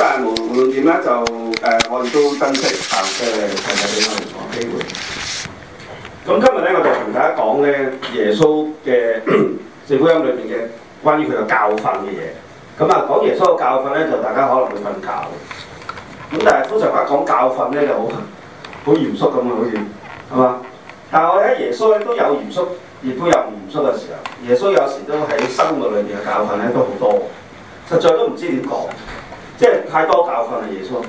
但係無論點咧，就誒、呃、我哋都珍惜啊！即係上帝俾我哋個機會。咁、啊、今日咧，我就同大家講咧耶穌嘅《聖 福音》裏邊嘅關於佢嘅教訓嘅嘢。咁啊，講耶穌嘅教訓咧，就大家可能會瞓覺。咁、啊、但係通常一講教訓咧就好好嚴肅咁啊，好似係嘛？但係我喺耶穌咧都有嚴肅，亦都有唔嚴肅嘅時候。耶穌有時都喺生活裏邊嘅教訓咧都好多，實在都唔知點講。即係太多教訓啊！耶穌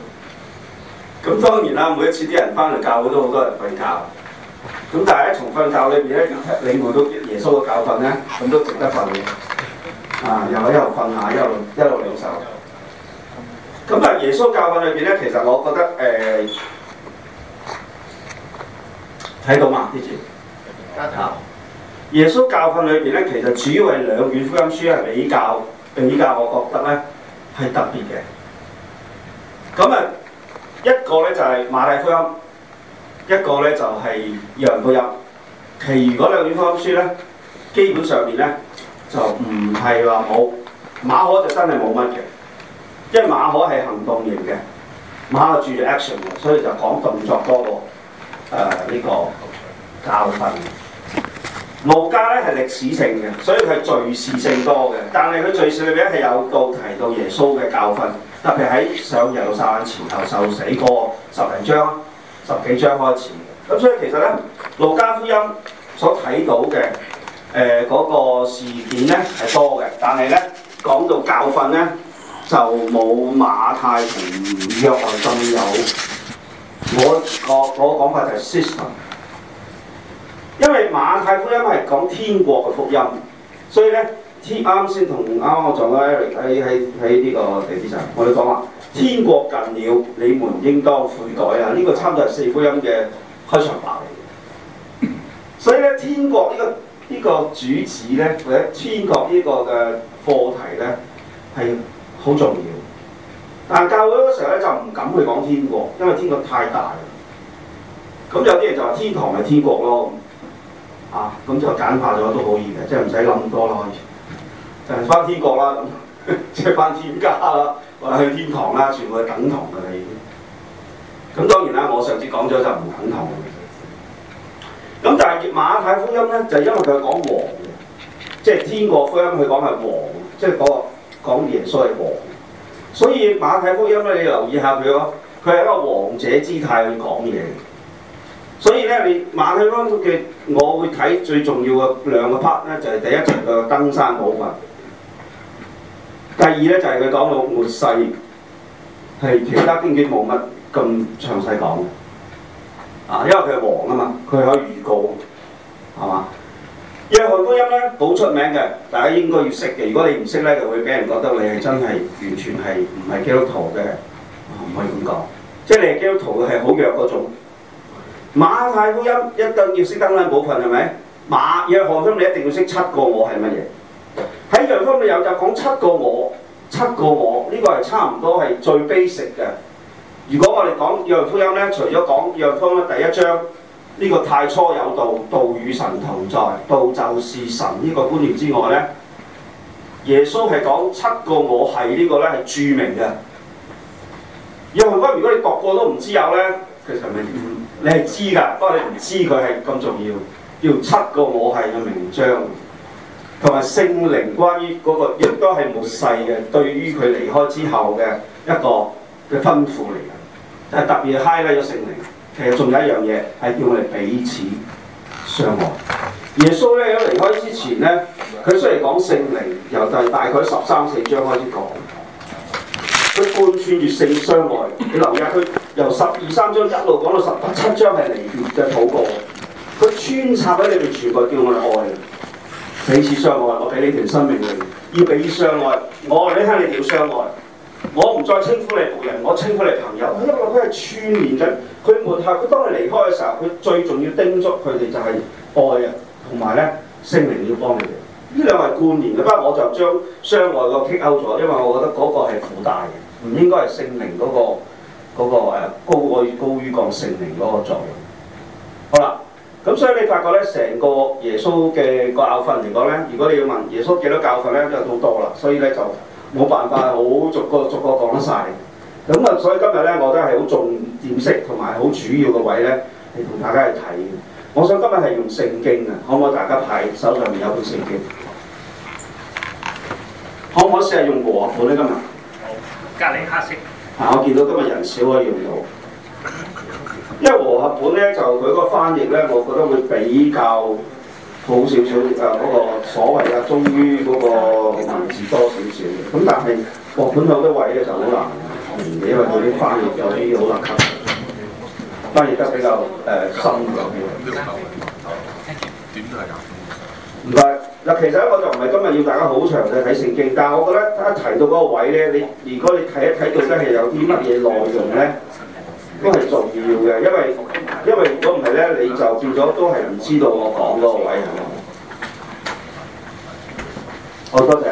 咁當然啦，每一次啲人翻嚟教，都好多人瞓覺。咁但係喺從瞓覺裏邊咧，領悟到耶穌嘅教訓咧，咁都值得瞓嘅。啊，又喺一路瞓下，一路一路享受。咁但係耶穌教訓裏邊咧，其實我覺得誒睇、呃、到嘛啲字啊，耶穌教訓裏邊咧，其實主要係兩卷福音書係比較比較，比較我覺得咧係特別嘅。咁啊，一個咧就係馬太福音，一個咧就係約翰福音，其餘嗰兩卷福音書咧，基本上面咧就唔係話冇馬可就真係冇乜嘅，因為馬可係行動型嘅，馬可注 action，就注意 action 喎，所以就講動作多過誒呢個教訓。路加咧係歷史性嘅，所以佢係敍事性多嘅，但係佢敍事裏邊係有到提到耶穌嘅教訓。特別喺上人散前後受死過十零章、十幾章開始。咁所以其實咧《路加福音》所睇到嘅誒嗰個事件咧係多嘅，但係咧講到教訓咧就冇馬太同音、約翰更有。我個我講法就係 system，因為馬太福音係講天國嘅福音，所以咧。啱先同啱我撞到 Eric 喺喺喺呢個地鐵上，我哋講話天國近了，你們應當悔改啊！呢個差唔多係四福音嘅開場白嚟嘅。所以咧，天國呢個呢個主旨咧，或者天國呢個嘅課題咧，係好重要。但係教會嗰時候咧就唔敢去講天國，因為天國太大啦。咁有啲人就話天堂係天國咯，啊咁就簡化咗都好易嘅，即係唔使諗咁多咯。誒翻天國啦咁，即係翻天家啦，或者去天堂啦，全部係等同㗎啦已經。咁當然啦，我上次講咗就唔等同。咁但係馬太福音咧，就係、因為佢講王嘅，即係天國福音佢講係王，即係講講耶穌係王。所以馬太福音咧，你留意下佢咯，佢係一個王者姿態去講嘢。所以咧，你馬太福音嘅，我會睇最重要嘅兩個 part 咧，就係、係、第一集嘅登山寶訓。第二呢，就係佢講到末世係其他經卷冇乜咁詳細講嘅，啊，因為佢係王啊嘛，佢可以預告，係嘛？約翰福音呢好出名嘅，大家應該要識嘅。如果你唔識呢，就會俾人覺得你係真係完全係唔係基督徒嘅，唔可以咁講。即係你係基督徒係好弱嗰種。馬太福音一定要識得呢部分係咪？馬約翰福音你一定要識七個我係乜嘢？喺《約翰福音》有就講七個我，七個我呢、這個係差唔多係最 basic 嘅。如果我哋講《約翰福音》咧，除咗講《約翰福音》第一章呢、這個太初有道，道與神同在，道就是神呢個觀念之外咧，耶穌係講七個我係呢個咧係著名嘅《約翰福音。》如果你讀過都唔知有咧，其實咪唔你係知噶，不過你唔知佢係咁重要，叫七個我係嘅名章。同埋聖靈關於嗰、那個亦都係末世嘅，對於佢離開之後嘅一個嘅吩咐嚟嘅，係特別 high 啲咗聖靈。其實仲有一樣嘢係叫我哋彼此相愛。耶穌咧喺離開之前咧，佢雖然講聖靈由第大概十三四章開始講，佢貫穿住聖相愛。你留意下，佢由十二三章一路講到十七章係離別嘅禱告，佢穿插喺裏面，全部叫我哋愛。彼此相愛，我俾你條生命你；要彼此相愛，我你睇你哋要相愛。我唔再稱呼你僕人，我稱呼你朋友。因為佢係串聯嘅，佢門下佢當你離開嘅時候，佢最重要叮囑佢哋就係愛啊，同埋咧聖靈要幫你哋。呢兩位貫連嘅，不過我就將相愛個剔勾咗，因為我覺得嗰個係附帶嘅，唔應該係聖靈嗰個嗰個誒高過高於個聖靈嗰個作用。好啦。咁所以你發覺呢，成個耶穌嘅教訓嚟講呢，如果你要問耶穌幾多教訓呢，就好多啦。所以呢就冇辦法好逐個逐個講晒。咁啊，所以今日呢，我都係好重點式同埋好主要嘅位呢，嚟同大家去睇。我想今日係用聖經嘅，可唔可以大家睇手上面有本聖經？可唔可以試下用和本呢？今日？好，隔離黑色。啊，我見到今日人少可以用到。因為和合本咧就佢嗰個翻譯咧，我覺得會比較好少少誒嗰、啊那個所謂嘅忠於嗰、那個文字多少少嘅。咁但係和合本有啲位咧就好難，因為佢啲翻譯有啲好難級，翻譯得比較誒、呃、深咁嘅。點都係咁。唔係嗱，其實咧我就唔係今日要大家好長嘅睇聖經，但係我覺得一提到嗰個位咧，你如果你睇一睇到底係有啲乜嘢內容咧？都係重要嘅，因為因為如果唔係咧，你就變咗都係唔知道我講嗰個位係嘛。好多謝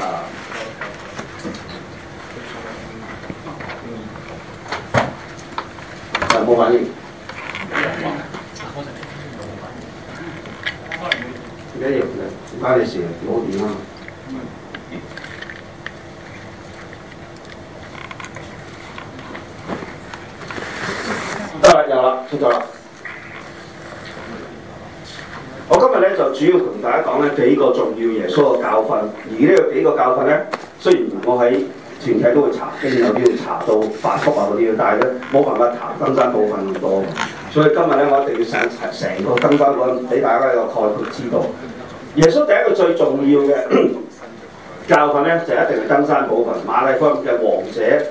啊！啊，冇反應。一樣嘅，唔關你事啊，攞住啦。有啦，出咗啦。我今日呢，就主要同大家講呢幾個重要耶穌嘅教訓，而呢幾個教訓呢，雖然我喺全體都會查經，有啲會查到繁複啊嗰啲，但係呢，冇辦法查登山寶訓咁多。所以今日呢，我一定要上成個登山寶訓俾大家一個概括知道。耶穌第一個最重要嘅 教訓呢，就一定係登山寶訓，馬太福音嘅王者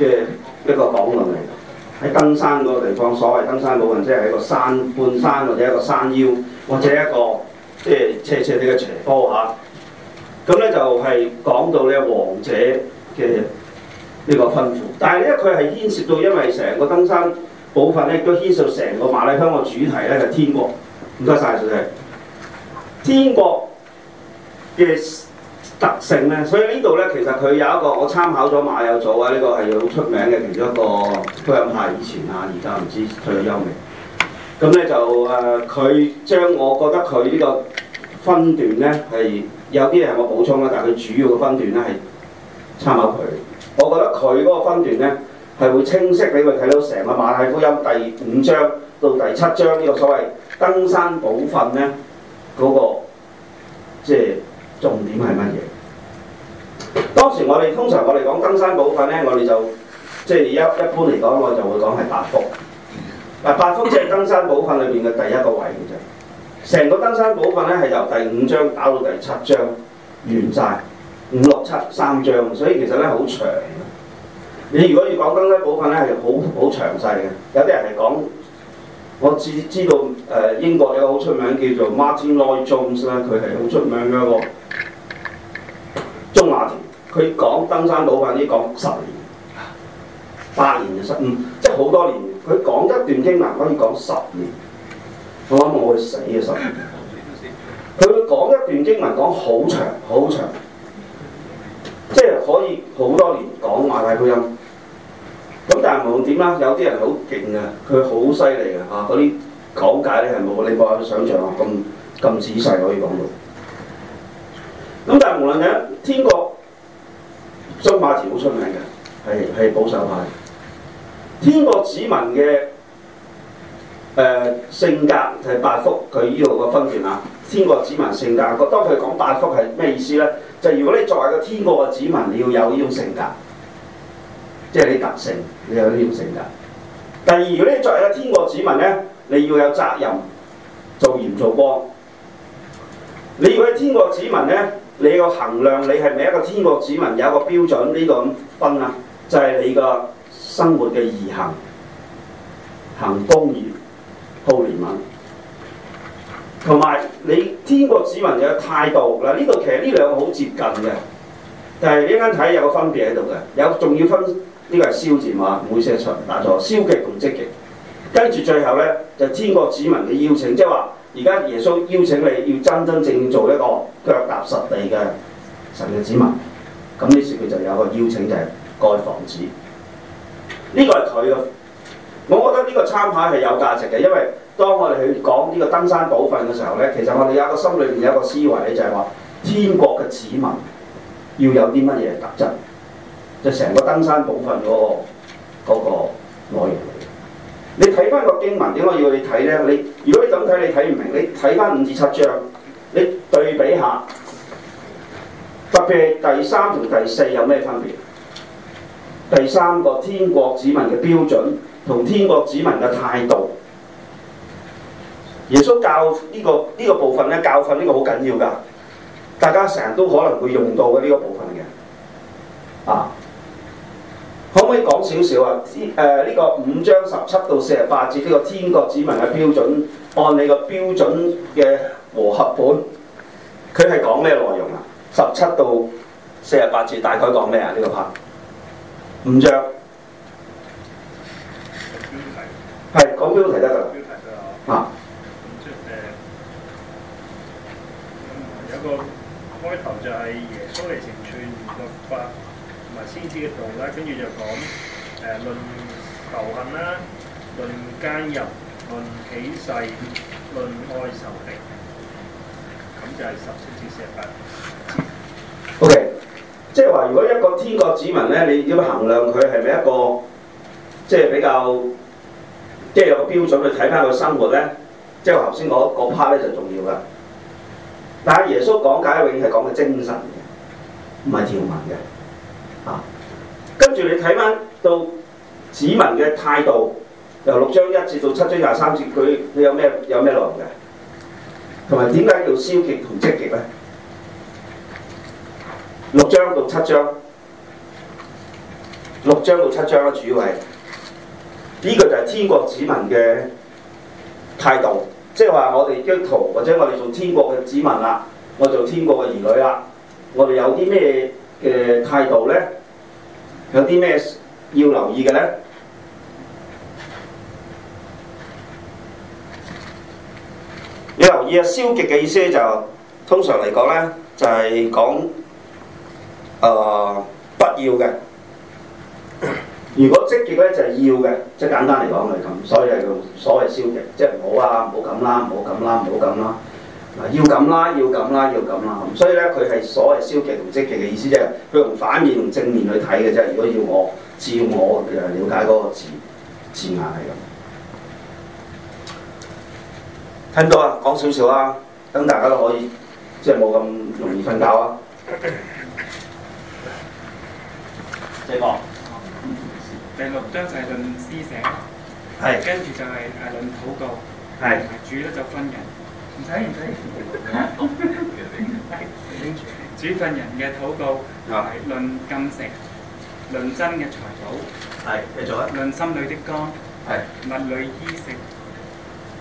嘅一個講論嚟。喺登山嗰個地方，所謂登山部分，即係喺個山、半山或者一個山腰，或者一個即係、呃、斜斜啲嘅斜坡嚇。咁、啊、呢，就係講到咧王者嘅呢個吩咐。但係呢，佢係牽涉到，因為成個登山部分咧，都牽涉到成個馬拉香個主題咧，係天國。唔該晒，小姐。天國嘅。特性咧，所以呢度咧，其實佢有一個我參考咗馬友祖啊，呢、這個係好出名嘅其中一個。福音派以前啊，而家唔知退咗休未？咁咧、嗯、就誒，佢、呃、將我覺得佢呢個分段咧係有啲係我補充啦，但係佢主要嘅分段咧係參考佢。我覺得佢嗰個分段咧係會清晰，你會睇到成個馬太福音第五章到第七章呢、這個所謂登山寶訓咧嗰個即係、就是、重點係乜嘢？我哋通常我哋講登山寶訓咧，我哋就即係一一般嚟講，我就會講係八福。嗱，八福即係登山寶訓裏邊嘅第一個位嘅啫。成個登山寶訓咧係由第五章打到第七章完晒，五六七三章，所以其實咧好長嘅。你如果要講登山寶訓咧係好好詳細嘅，有啲人係講，我只知道誒、呃、英國有好出名叫做 Martin Lloyd Jones 啦，佢係好出名嘅一個鍾馬田。佢講登山老，已經講十年，八年就失誤，即係好多年。佢講一段經文可以講十年，我諗我會死嘅十年！佢會講一段經文講好長好長，即係可以好多年講馬太福音。咁但係無論點啦，有啲人好勁嘅，佢好犀利嘅嚇，嗰啲講解咧係冇你冇有想象咁咁仔細可以講到。咁但係無論點，天國。鍾馬田好出名嘅，係係保守派。天國子民嘅誒、呃、性格就係八福，佢呢度個分段啊。天國子民性格，當佢講八福係咩意思咧？就係、如果你作為一個天國嘅子民，你要有呢種性格，即係你特性，你有呢種性格。第二，如果你作為一個天國子民咧，你要有責任，做鹽做光。你要係天國子民咧。你個衡量你係咪一個天國子民有一個標準，這個、這呢個咁分啊？就係、是、你個生活嘅義行，行公義、好憐憫，同埋你天國子民嘅態度嗱，呢度其實呢兩個好接近嘅，但係一陣間睇有個分別喺度嘅，有仲要分呢、這個係消字碼，每會寫出打錯，消極同積極。跟住最後咧，就是、天國子民嘅邀請，即係話。而家耶穌邀請你要真真正正做一個腳踏實地嘅神嘅子民，咁呢時佢就有個邀請就係蓋房子。呢、這個係佢嘅，我覺得呢個參考係有價值嘅，因為當我哋去講呢個登山寶訓嘅時候咧，其實我哋有一個心裏面有一個思維咧，就係、是、話天國嘅子民要有啲乜嘢特質，就成、是、個登山寶訓嗰個嗰、那個內容。你睇翻個經文點解要你睇呢？你如果你噉睇你睇唔明，你睇翻五至七章，你對比下，特別係第三同第四有咩分別？第三個天國子民嘅標準同天國子民嘅態度，耶穌教呢個呢個部分咧，教訓呢個好緊要噶，大家成日都可能會用到嘅呢個部分嘅，啊。可唔可以講少少啊？誒、呃、呢、這個五章十七到四十八節呢個天國子民嘅標準，按你個標準嘅和合本，佢係講咩內容啊？十七到四十八節大概講咩啊？呢個 part 五章係講標題得㗎啦。啊，有個開頭就係耶穌嚟成全律法。同埋先知嘅道啦，跟住就講誒論仇恨啦，論奸淫，論起誓，論愛仇敵，咁就係十四至四十八。O.K.，即係話，如果一個天國子民咧，你要衡量佢係咪一個即係、就是、比較，即、就、係、是、有個標準去睇翻個生活咧，即係我頭先嗰 part 咧就重要嘅。但係耶穌講解永遠係講嘅精神嘅，唔係條文嘅。啊！跟住你睇返到子民嘅態度，由六章一至到七章廿三節，佢佢有咩有咩內容嘅？同埋點解叫消極同積極呢？六章到七章，六章到七章咯、啊，主要係呢個就係天國子民嘅態度，即係話我哋基督徒，或者我哋做天國嘅子民啦，我做天國嘅兒女啦，我哋有啲咩？嘅態度呢，有啲咩要留意嘅呢？你留意啊，消極嘅意思就是、通常嚟講呢，就係、是、講啊、呃、不要嘅。如果積極呢，就係要嘅，即係簡單嚟講係咁。所以係個所謂消極，即係唔好啊，唔好咁啦，唔好咁啦，唔好咁啦。要咁啦，要咁啦，要咁啦。所以呢，佢係所謂消極同積極嘅意思，即係佢用反面用正面去睇嘅啫。如果要我照我誒了解嗰個字字眼係咁，聽到啊，講少少啊，等大家都可以即係冇咁容易瞓覺啊。第六，第六章就係論施捨，係是跟住就係誒論禱告，係同埋主咧就分人，睇唔睇？好。主份人嘅禱告係論禁食、論真嘅財寶。係，繼續啊。論心裏的光。係。勿慮衣食。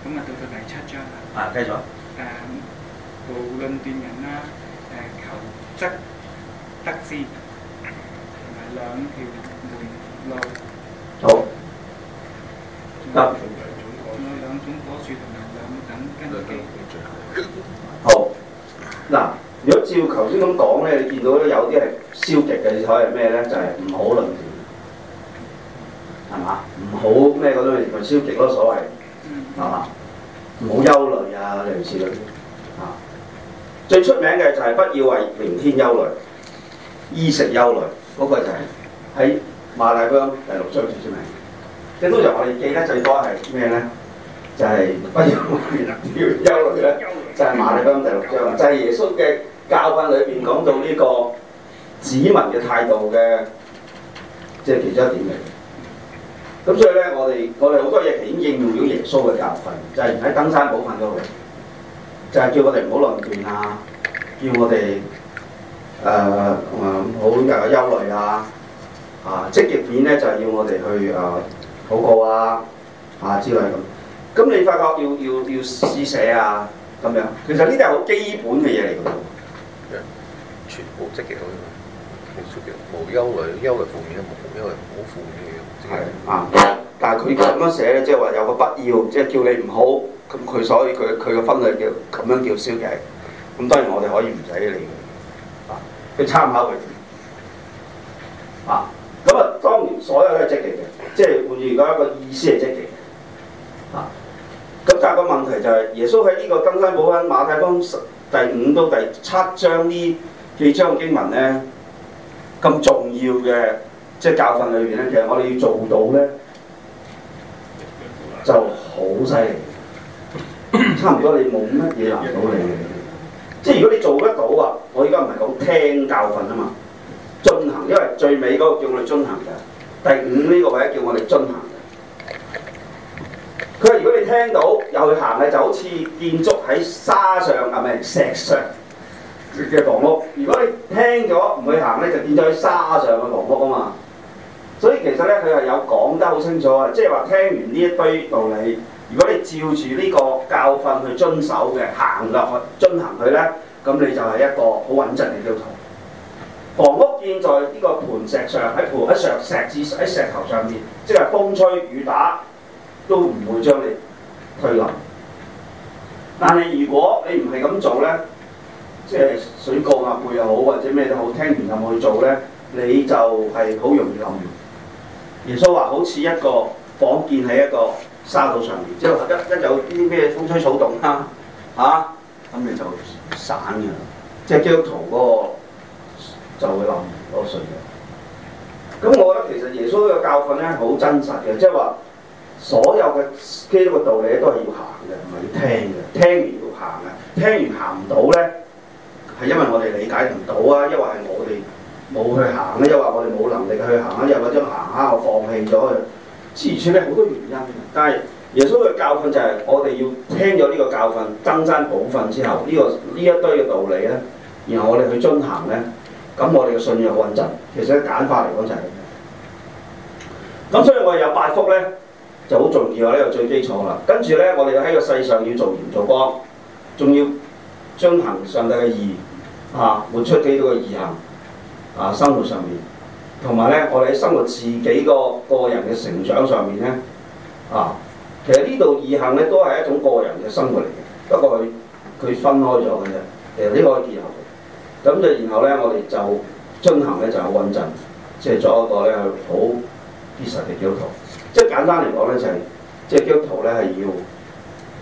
咁啊，到到第七章啦。啊，繼續啊。誒，無論斷人啦，誒求則得之，兩條門路。好。得。仲有兩種果樹。等跟個機會最好。嗱，如果照頭先咁講咧，你見到有啲係消極嘅，可以係咩咧？就係、是、唔好論斷，係嘛？唔好咩嗰啲，咪消極咯，所謂係嘛？唔好憂慮啊，類似嗰啲啊。最出名嘅就係不要為明天憂慮，衣食憂慮嗰個就係喺馬太福音第六章最出名。咁通常我哋記得最多係咩咧？就係不要憂慮啦，就係馬太福音第六章，就係、是、耶穌嘅教訓裏邊講到呢個子民嘅態度嘅，即、就、係、是、其中一點嚟。咁所以咧，我哋我哋好多嘢已經應用咗耶穌嘅教訓，就係喺登山寶訓嗰度，就係、是、叫我哋唔好論斷啊，叫我哋誒唔好嘅憂慮啊，、就是呃、啊，啊積極片咧就係要我哋去誒禱告啊啊之類咁。咁你發覺要要要試寫啊咁樣，其實呢啲係好基本嘅嘢嚟嘅，全部積極嘅，無憂慮、憂慮負面嘅冇，因為冇負面嘅係啊，但係佢咁樣寫咧，即係話有個不要，即係叫你唔好，咁佢所以佢佢嘅分類叫咁樣叫消極。咁當然我哋可以唔使理佢，啊，去參考佢，啊，咁啊當然所有都係積極嘅，即係換言之，一個意思係積極啊。咁第二個問題就係、是、耶穌喺呢個登山寶訓馬太福音十第五到第七章呢幾章經文咧，咁重要嘅即係教訓裏邊咧，其實我哋要做到咧就好犀利，差唔多你冇乜嘢難到你。即係如果你做得到啊，我而家唔係講聽教訓啊嘛，進行，因為最尾嗰個叫我哋進行嘅，第五呢個位叫我哋進行。佢話如果你聽到又去行咧，就好似建築喺沙上，係咪石上嘅房屋？如果你聽咗唔去行咧，就建咗喺沙上嘅房屋啊嘛。所以其實咧，佢係有講得好清楚啊！即係話聽完呢一堆道理，如果你照住呢個教訓去遵守嘅行落去，遵行佢咧，咁你就係一個好穩陣嘅基督徒。房屋建在呢個盤石上，喺盤喺石石字喺石，石頭上面，即係風吹雨打。都唔會將你推冧，但係如果你唔係咁做咧，即係水過鴨、啊、背又好，或者咩都好，聽完又冇去做咧，你就係好容易冧。完耶穌話好似一個房建喺一個沙土上面，之後一一有啲咩風吹草動啦、啊，吓、啊，咁你就散嘅，即係基督徒嗰個就會冧嗰個水。咁我覺得其實耶穌嘅教訓咧好真實嘅，即係話。所有嘅基督嘅道理都係要行嘅，唔係要聽嘅。聽完要行嘅，聽完行唔到呢，係因為我哋理解唔到啊，抑或係我哋冇去行啊，抑或我哋冇能力去行啊，抑或將行啊我放棄咗佢。至於呢好多原因，但係耶穌嘅教訓就係我哋要聽咗呢個教訓，登山寶訓之後，呢、這個呢一堆嘅道理呢，然後我哋去遵行呢。」咁我哋嘅信仰穩陣。其實簡化嚟講就係、是、咁。所以我哋有八福呢。就好重要呢，又最基礎啦。跟住咧，我哋喺個世上要做廉做光，仲要遵行上帝嘅義啊，活出基多教嘅行啊，生活上面。同埋咧，我哋喺生活自己個個人嘅成長上面咧啊，其實呢度義行咧都係一種個人嘅生活嚟嘅，不過佢佢分開咗嘅啫。其實呢個可以結合嘅。咁就然後咧，我哋就遵行咧就好穩陣，即係做一個咧好必 a 嘅基督徒。即係簡單嚟講咧，就係即係基督徒咧係要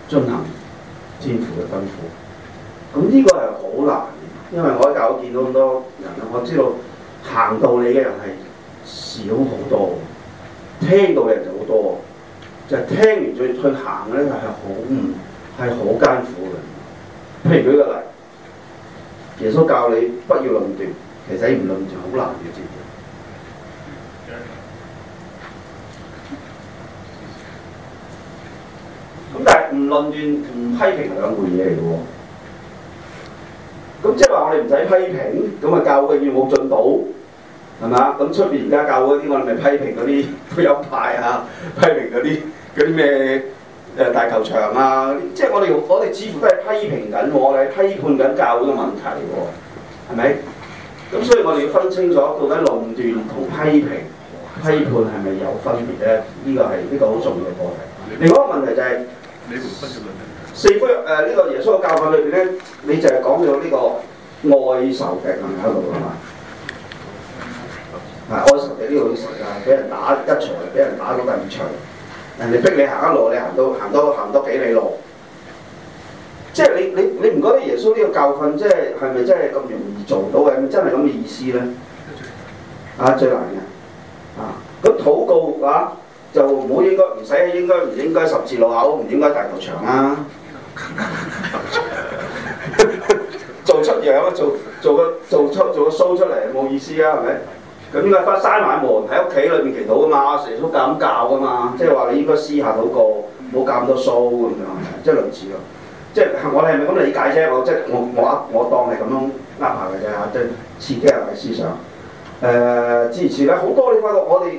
進行天父嘅吩咐。咁呢個係好難，因為我喺教會見到咁多人，我知道行到你嘅人係少好多，聽到嘅人就好多，就係、是、聽完再去行咧就係好唔係好艱苦嘅。譬如舉個例，耶穌教你不要論斷，其實唔論斷好難嘅。唔論斷唔批評係兩回事嚟嘅喎，咁即係話我哋唔使批評，咁啊教會要冇進步係咪啊？咁出面而家教會啲我哋咪批評嗰啲都有派嚇啊，批評嗰啲啲咩誒大球場啊，即係我哋我哋似乎都係批評緊，我哋批判緊教會嘅問題喎，係咪？咁所以我哋要分清清楚到底論斷同批評、批判係咪有分別咧？呢個係呢個好重要嘅問題。另外一個問題就係。四福音呢個耶穌嘅教訓裏邊呢，你就係講有呢個愛仇敵喺度啊嘛，啊愛仇敵呢種神啊，俾人打一場，俾人打到第二場，人哋逼你行一路，你行到行多行多幾里路，即係你你你唔覺得耶穌呢個教訓即係係咪真係咁容易做到？係咪真係咁嘅意思呢？啊最難嘅啊，咁禱告啊！就唔好應該唔使應該唔應該十字路口唔應該大路場啦，做出樣做做個做出做個 show 出嚟冇意思啊，係咪？咁啊，返閂埋門喺屋企裏邊祈禱噶嘛，成日都咁教噶嘛，即係話你應該私下禱告，冇教咁多 show 咁樣，即係類似咯。即係我哋係咪咁理解啫？我即係我我我當你咁樣呃下佢啫，即係刺激下佢思想。誒、呃，之前咧好多你發覺我哋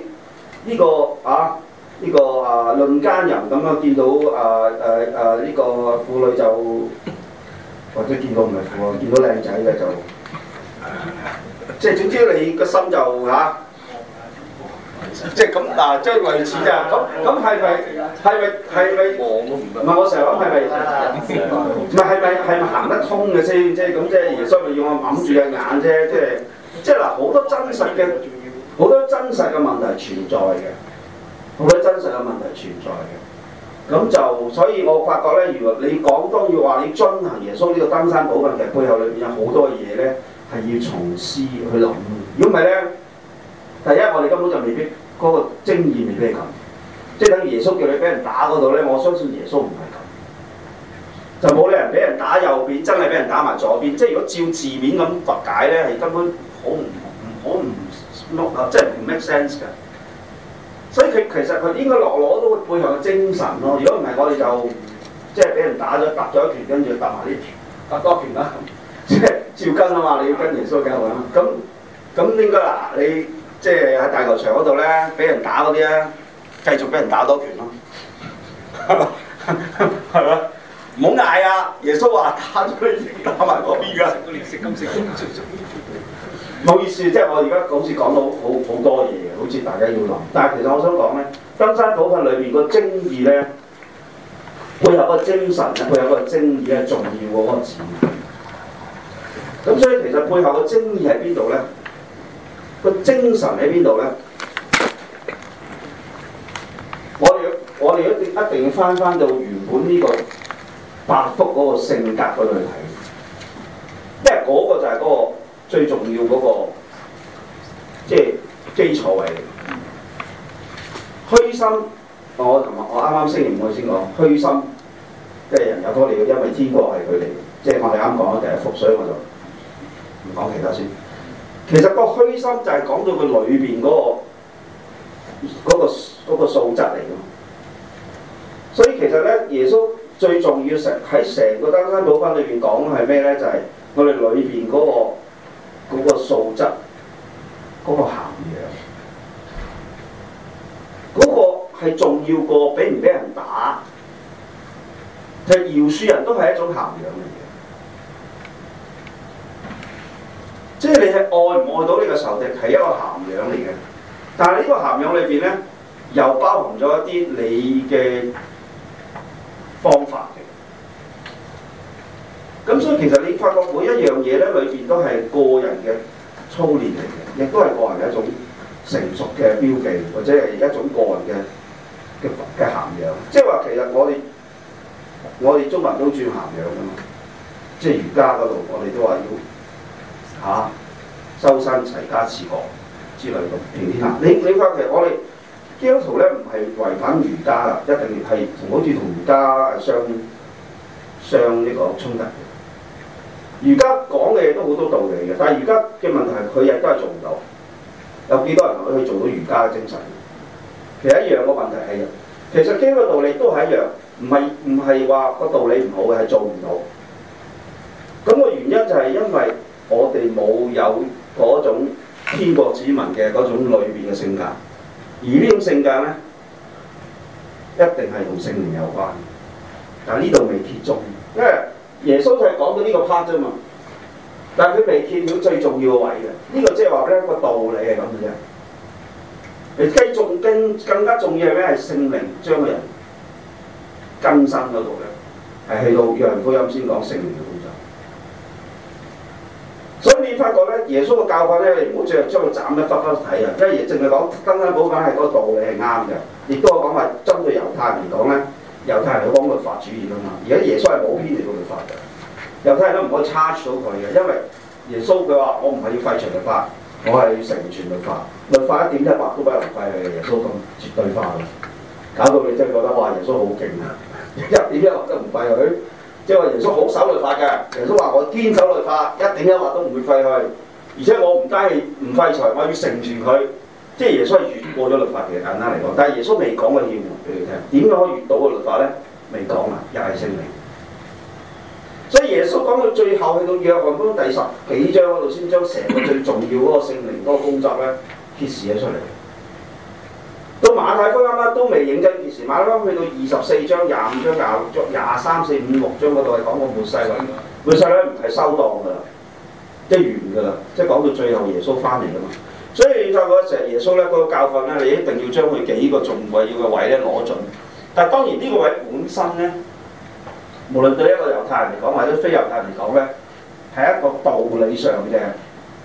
呢、這個啊～呢、這個啊，論姦人咁樣見到啊，誒、啊、誒，呢、這個婦女就 或者見到唔係婦啊， 見到靚仔嘅就，即係總之你個心就嚇，即係咁嗱，即係類似咋？咁咁係咪係咪係咪？唔係我成日諗係咪？唔係係咪係咪行得通嘅先？即係咁即係，所、就、以、是、咪要我揞住隻眼啫。即係即係嗱，好、就是啊、多真實嘅好多真實嘅問題存在嘅。好多真實嘅問題存在嘅，咁就所以我發覺咧，如果你講當要話你遵行耶穌呢個登山寶訓，其實背後裏邊有好多嘢咧，係要從思去諗。如果唔係咧，第一我哋根本就未必嗰個精意未必係咁，即係等於耶穌叫你俾人打嗰度咧，我相信耶穌唔係咁，就冇理人俾人打右邊，真係俾人打埋左邊。即係如果照字面咁解咧，係根本好唔唔好唔碌啊，即係唔 make sense 㗎。所以佢其實佢應該落落都會配合嘅精神咯。如果唔係，我哋就即係俾人打咗，揼咗一拳，跟住揼埋啲拳揼多拳啦。即係 照跟啊嘛，你要跟耶穌教嘛。咁咁、嗯、應該嗱，你即係喺大球場嗰度咧，俾人打嗰啲咧，繼續俾人打多拳咯。係 嘛吧？唔好嗌啊！耶穌話打咗呢邊，打埋嗰邊噶。 冇意思，即係我而家好似講到好好，好多嘢，好似大家要諗，但係其實我想講咧，登山寶訓裏面個精義咧，背後個精神咧，背後個精義咧，重要嗰個字。咁所以其實背後個精義喺邊度呢？個精神喺邊度呢？我哋我哋一定一定要返返到原本呢個八福嗰個性格嗰度嚟睇，因為嗰個就係嗰、嗰個。最重要嗰個即係基礎嚟，虛心。我同我啱啱先唔好先講虛心，即係人有福了，因為天國係佢哋。即係我哋啱講咗第一福。所以我就唔講其他先。其實個虛心就係講到佢裏邊嗰個嗰個嗰個素質嚟嘅。所以其實呢，耶穌最重要成喺成個登山寶訓裏邊講嘅係咩呢？就係、是、我哋裏邊嗰個。嗰個素質，嗰、嗰個涵養，嗰、嗰個係重要過俾唔俾人打。其實饒恕人都係一種涵養嚟嘅，即係你係愛唔愛到呢個仇敵係一個涵養嚟嘅。但係呢個涵養裏邊咧，又包含咗一啲你嘅方法。咁所以其實你發覺每一樣嘢咧，裏邊都係個人嘅操練嚟嘅，亦都係個人一種成熟嘅標記，或者係一種個人嘅嘅嘅涵養。即係話其實我哋我哋中文都轉涵養噶嘛，即係儒家嗰度，我哋都話要嚇修身齊家治國之類咁平天下。你你發覺其實我哋基督徒咧，唔係違反儒家啊，一定係唔好似同儒家相相呢個衝突。儒家講嘅嘢都好多道理嘅，但係儒家嘅問題係佢亦都係做唔到，有幾多人可以做到儒家嘅精神？其實一樣個問題係，其實呢個道理都係一樣，唔係唔係話個道理唔好，係做唔到。咁個原因就係因為我哋冇有嗰種天國子民嘅嗰種裏邊嘅性格，而呢種性格咧一定係同聖靈有關。但呢度未揭盅。因為。耶穌就係講到呢個 part 啫嘛，但係佢未見到最重要嘅位嘅，呢、這個即係話咧，個道理係咁嘅啫。你繼仲更更加重要嘅係聖靈將個人更新嗰度咧，係去到約翰福音先講聖靈嘅工作。所以你發覺咧，耶穌嘅教訓咧，你唔好將將佢斬得忽忽睇啊，因為淨係講更新補品係個道理係啱嘅，亦都係講話針對猶太人嚟講咧。猶太人好幫律法主義㗎嘛，而家耶穌係冇偏離到律法嘅，猶太人都唔可以差 h 到佢嘅，因為耶穌佢話我唔係要廢除律法，我係要成全律法，律法一點一劃都不允廢佢。耶穌咁絕對化嘅，搞到你真係覺得哇，耶穌好勁啊，一點一劃都唔廢佢，即係話耶穌好守律法嘅，耶穌話我堅守律法，一點一劃都唔會廢去。」而且我唔單係唔廢除，我要成全佢。即係耶穌係越過咗律法嘅，簡單嚟講。但係耶穌未講個憫容俾你聽，點解可以越到個律法咧？未講啊，又係聖靈。所以耶穌講到最後，去到約翰福音第十幾章嗰度，先將成個最重要嗰個聖靈嗰個工作咧揭示咗出嚟。到馬太福音啱啱都未影真嗰陣時，馬太福音去到二十四章、廿五章、廿六章、廿三四五六章嗰度係講個末世嗰啲，末世咧唔係收檔噶啦，即係完噶啦，即係講到最後耶穌翻嚟噶嘛。所以你透過成日耶穌咧嗰個教訓咧，你一定要將佢幾個重要嘅位咧攞準。但係當然呢個位本身咧，無論對一個猶太人嚟講或者非猶太人嚟講咧，係一個道理上嘅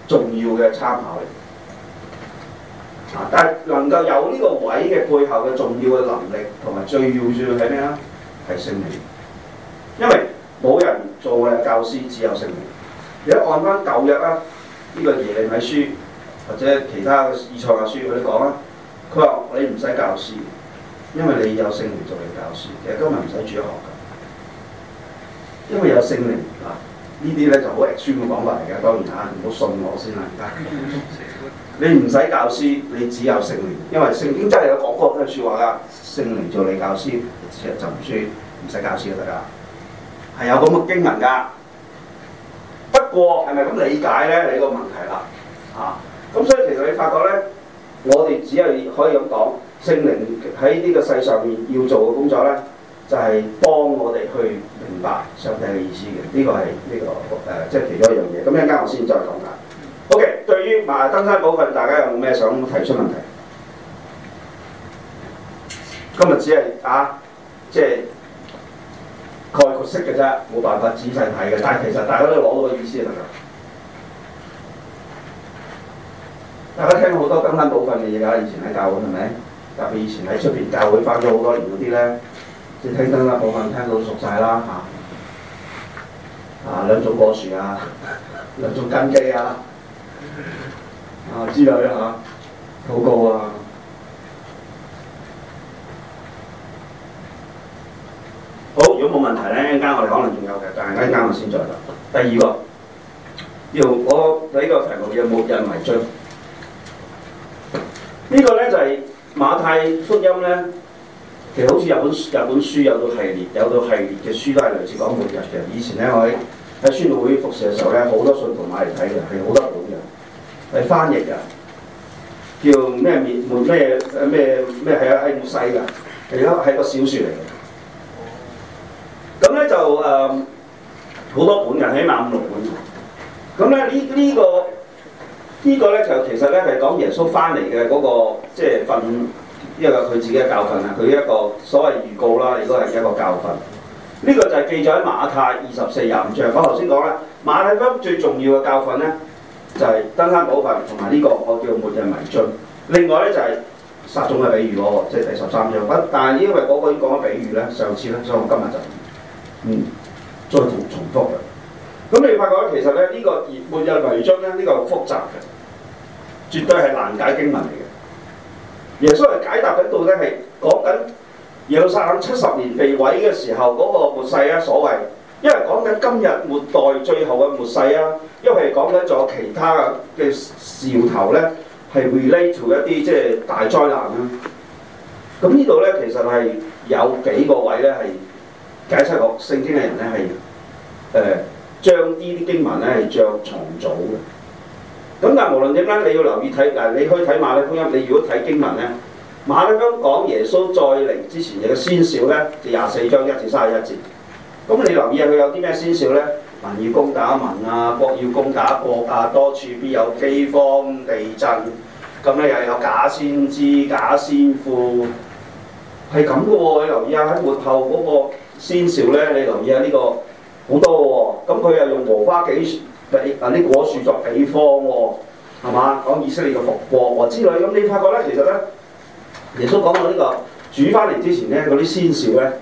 重要嘅參考嚟。啊！但係能夠有呢個位嘅背後嘅重要嘅能力同埋最要嘅係咩啊？係聖靈，因為冇人做嘅教師只有聖靈。如果按翻舊約啊，呢、這個耶利米書。或者其他嘅異才教書，佢哋講啊。佢話你唔使教師，因為你有聖靈做你教師。其實今日唔使主日學噶，因為有聖靈嗱，呢啲咧就好 extreme 嘅講法嚟嘅，當然嚇，唔好信我先啦。 你唔使教師，你只有聖靈，因為聖經真係有講過咁嘅説話㗎。聖靈做你教師，其實就唔算，唔使教師就得㗎，係有咁嘅經文㗎。不過係咪咁理解咧？你個問題啦，啊。咁所以其實你發覺呢，我哋只係可以咁講，聖靈喺呢個世上面要做嘅工作呢，就係、是、幫我哋去明白上帝嘅意思嘅。呢、這個係呢、這個誒、呃，即係其中一樣嘢。咁一陣間我先再講下。O、okay, K，對於埋登山寶訓，大家有冇咩想提出問題？今日只係啊，即係概括式嘅啫，冇辦法仔細睇嘅。但係其實大家都攞到個意思係咪？大家聽好多登山部分嘅嘢㗎，以前喺教會係咪？特別以前喺出邊教會返咗好多年嗰啲咧，即係聽得啦，部分聽到熟晒啦嚇。啊，兩種果樹啊，啊，兩種根基啊，啊之類啊嚇，禱告，告啊。好，如果冇問題咧，一陣間我哋可能仲有嘅，但係咧一陣間我先再講。第二個，要我睇、呢個題目叫《末日迷津》。個呢個咧就係、是、馬太福音咧，其實好似有本有本書有套系列有套系列嘅書都係類似講末日嘅。以前咧我喺喺宣道會服侍嘅時候咧，好多信徒買嚟睇嘅係好多本嘅，係翻譯嘅，叫咩滅末咩咩咩，係啊係末世㗎，其實係個小說嚟嘅。咁咧就誒好、呃、多本人起碼五六本。咁咧呢呢、這個。呢個咧就其實咧係講耶穌翻嚟嘅嗰個即係訓，一個佢自己嘅教訓啦，佢一個所謂預告啦，亦都係一個教訓。呢、這個就係記載喺馬太二十四廿五章。我頭先講咧，馬太福音最重要嘅教訓咧就係登山寶訓同埋呢個我叫末日迷津。另外咧就係撒種嘅比喻喎，即係第十三章。但係因為嗰個已經講咗比喻咧，上次咧，所以我今日就唔再重重複嘅。咁你發覺咧，其實咧、這、呢個末日迷津咧呢個好複雜嘅。絕對係難解經文嚟嘅。耶穌係解答緊到呢，係講緊耶路撒冷七十年被毀嘅時候嗰個末世啊，所謂。因為講緊今日末代最後嘅末世啊，因為講緊仲有其他嘅兆頭呢，係 relate to 一啲即係大災難啊。咁呢度呢，其實係有幾個位呢，係解釋個聖經嘅人呢，係誒將呢啲經文呢，係著重組嘅。咁但係無論點咧，你要留意睇，嗱，你可以睇馬太福音。你如果睇經文呢，馬太福音講耶穌再嚟之前嘅先兆呢，就廿四章一至三十一節。咁你留意下佢有啲咩先兆呢？民要攻打民啊，國要攻打國啊，多處必有饑荒地震。咁咧又有假先知、假先父，係咁嘅喎。你留意下喺末後嗰個先兆呢，你留意下呢、呢個好多喎、哦。咁佢又用無花果俾啊啲果樹作比方喎、啊，係嘛？講以色列嘅復國喎之類。咁你發覺咧，其實咧，耶穌講到呢個主翻嚟之前咧，嗰啲先兆咧，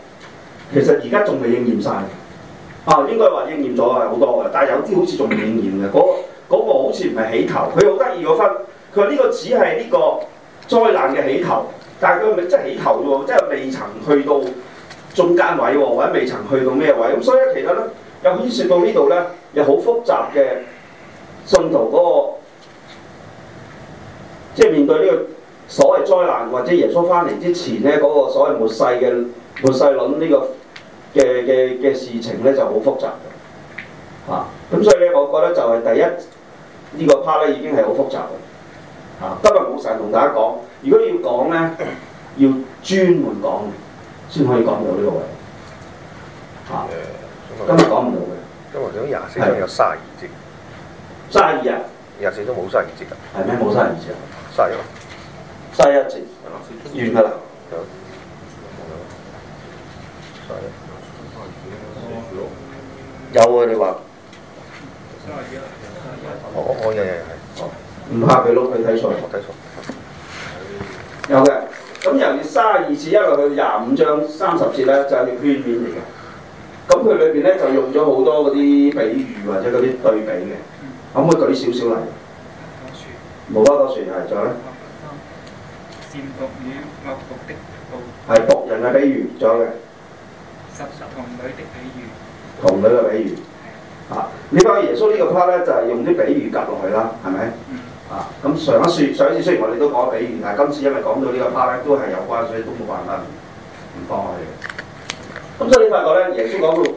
其實而家仲未應驗晒。啊，應該話應驗咗係好多嘅，但係有啲好似仲未應驗嘅。嗰、嗰個嗰個好似唔係起頭，佢好得意個分。佢話呢個只係呢個災難嘅起頭，但係佢咪真係起頭喎，即係未曾去到中間位喎，或者未曾去到咩位。咁所以咧，其實咧，又牽涉到呢度咧。有好複雜嘅信徒嗰個，即面對呢個所謂災難，或者耶穌翻嚟之前呢嗰個所謂末世嘅末世論呢個嘅嘅嘅事情呢，就好複雜嘅，啊！咁所以呢，我覺得就係第一呢個 part 咧已經係好複雜嘅，啊！今日冇曬同大家講，如果要講呢，要專門講先可以講到呢個位，啊！今日講唔到嘅。咁我點解廿四章有卅二節？卅二啊？廿四章冇卅二節噶？係咩？冇卅二節啊？卅一？卅一節？完㗎啦？有啊！你話？哦哦，有！有！係。哦。唔怕被攞去睇錯。睇錯。錯的有嘅。咁由卅二節一路去廿五章三十節咧，就係條圈面嚟嘅。P P P P 咁佢裏邊咧就用咗好多嗰啲比喻或者嗰啲對比嘅，嗯、可唔可以舉少少例？無花果樹係仲有咧？善僕係僕人嘅比喻，仲有十童女的比喻，十十童女嘅比喻，比喻的啊！你講耶穌呢個 part 咧就係、是、用啲比喻夾落去啦，係咪？嗯、啊！咁上一次上一節雖然我哋都講比喻，但係今次因為講到呢個 part 咧都係有關，所以都冇辦法唔放落去。咁所以你發覺呢，耶穌講到，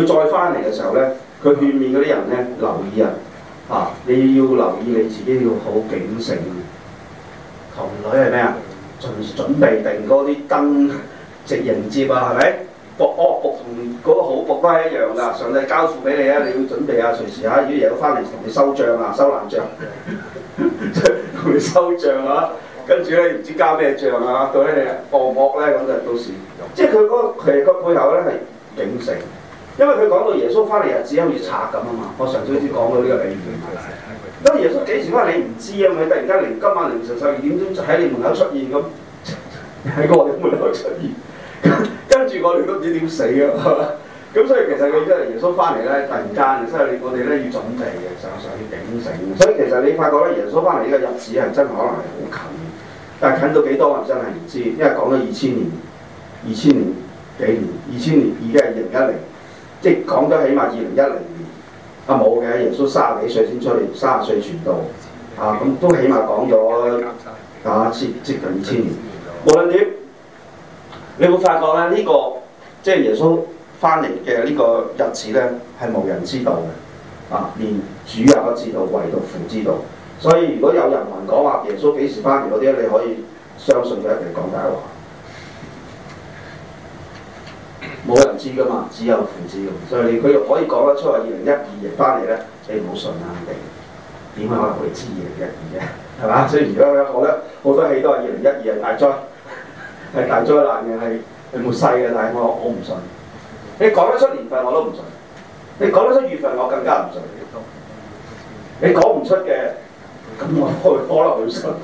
佢再翻嚟嘅時候呢，佢勸勉嗰啲人呢，留意啊，啊，你要留意你自己，要好警醒。同女係咩啊？盡準，準備定嗰啲燈，即迎接啊，係咪？惡僕同嗰個好僕都係一樣噶。上帝交付俾你啊，你要準備啊，隨時啊，如果耶穌翻嚟同你收帳啊，收爛帳，同 你收帳啊，跟住呢，唔知交咩帳啊，到底你惡唔惡呢，咁就到時。即係佢嗰其實個背後咧係警醒，因為佢講到耶穌翻嚟日子好似賊咁啊嘛。我上次已經講到呢個比喻。咁耶穌幾時翻嚟你唔知啊嘛？突然間零今晚凌晨十二點鐘喺你門口出現咁，喺我哋門口出現，跟住我哋都唔知點死啊！咁所以其實佢真係耶穌翻嚟咧，突然間真係我哋咧要準備嘅，上上要警醒。所以其實你發覺咧，耶穌翻嚟呢個日子係真係可能係好近，但係近到幾多啊？真係唔知，因為講咗二千年。二千年幾年，二千年，年已經係二零一零，即係講咗起碼二零一零年。啊冇嘅，耶穌卅幾歲先出嚟，卅歲傳道。啊咁都起碼講咗啊，即，即近二千年。無論點，你會發覺咧？呢、這個即係耶穌翻嚟嘅呢個日子咧，係無人知道嘅。啊，連主人都知道，唯獨父知道。所以如果有人民講話耶穌幾時翻嚟嗰啲咧，你可以相信佢一定講大話。知噶嘛？只有父子嘅，所以佢又可以講得出話二零一二年翻嚟咧，你唔好信啊！你點可能會知二零一二嘅？係嘛？ 所以而家我覺得好多戲都係二零一二係大災係大災難嘅係係冇曬嘅，但係我我唔信。你講得出年份我都唔信，你講得出月份，我，出月份我更加唔信。你講唔出嘅，咁我我我諗佢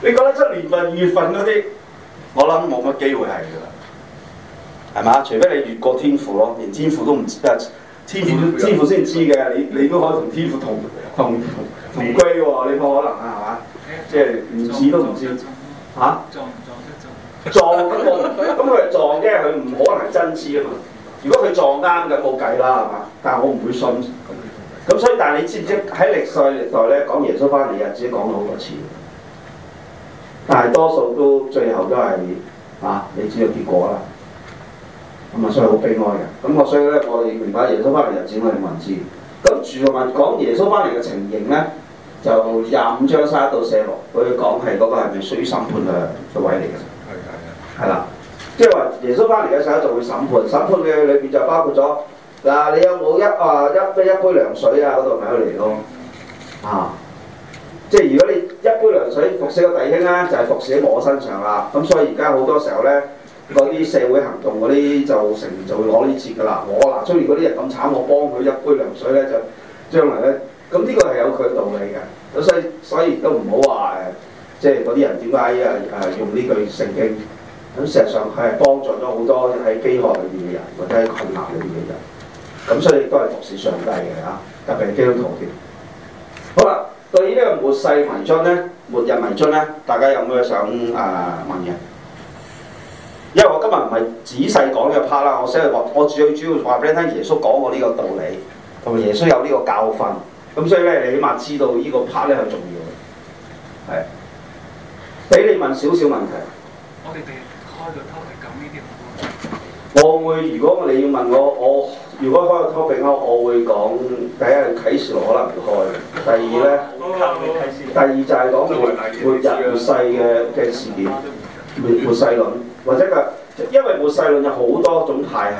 你講得出年份月份嗰啲，我諗冇乜機會係㗎。係嘛？除非你越過天父咯，連天父都唔知。係天父都天父先知嘅，你你都可以同天父同同同居喎，你冇可能啊係嘛？即係唔知都唔知嚇、啊、撞唔撞得中撞咁，咁 佢撞即係佢唔可能係真知啊嘛！如果佢撞啱嘅，冇計啦係嘛？但係我唔會信咁，所以但係你知唔知喺歷世歷代咧講耶穌翻嚟啊，只講好多次，但係多數都最後都係啊，你知個結果啦。咁啊，所以好悲哀嘅。咁我所以呢，我哋明白耶穌翻嚟日子我哋文字。咁住民講耶穌翻嚟嘅情形呢，就廿五章三十一到四十六，佢講係嗰個係咪屬於審判嘅位嚟嘅？係係啦，即係話耶穌翻嚟嘅時候就會審判，審判嘅裏邊就包括咗嗱、啊，你有冇一啊一杯一杯涼水啊嗰度咪可以嚟咯？啊，啊啊即係如果你一杯涼水服侍個弟兄啦、啊，就係、是、服侍喺我身上啦、啊。咁所以而家好多時候呢。嗰啲社會行動嗰啲就成就會攞呢節㗎啦！我嗱雖然嗰啲人咁慘，我幫佢一杯涼水呢，就將來呢，咁呢個係有佢道理嘅。咁所以所以都唔好話誒，即係嗰啲人點解啊誒用呢句聖經？咁事實上係幫助咗好多喺飢渴裏邊嘅人，或者喺困難裏邊嘅人。咁所以都係服侍上帝嘅嚇，特別係基督徒。好喇，對於呢個末世迷津呢，末日迷津呢，大家有冇想誒、呃、問嘅？因為我今日唔係仔細講呢個 part 啦，我先去話，我最主要話俾你聽，耶穌講過呢個道理，同埋耶穌有呢個教訓，咁所以呢，你起碼知道呢個 part 呢係重要嘅，係。俾你問少少問題。我哋哋開個 topic 呢啲。我會，如果你要問我，我如果開個 topic 呢，我會講第一啟示錄可能唔開，第二呢，哦哦哦哦、第二就係講末日末世嘅嘅事件，末末世論。或者佢，因為末世論有好多種態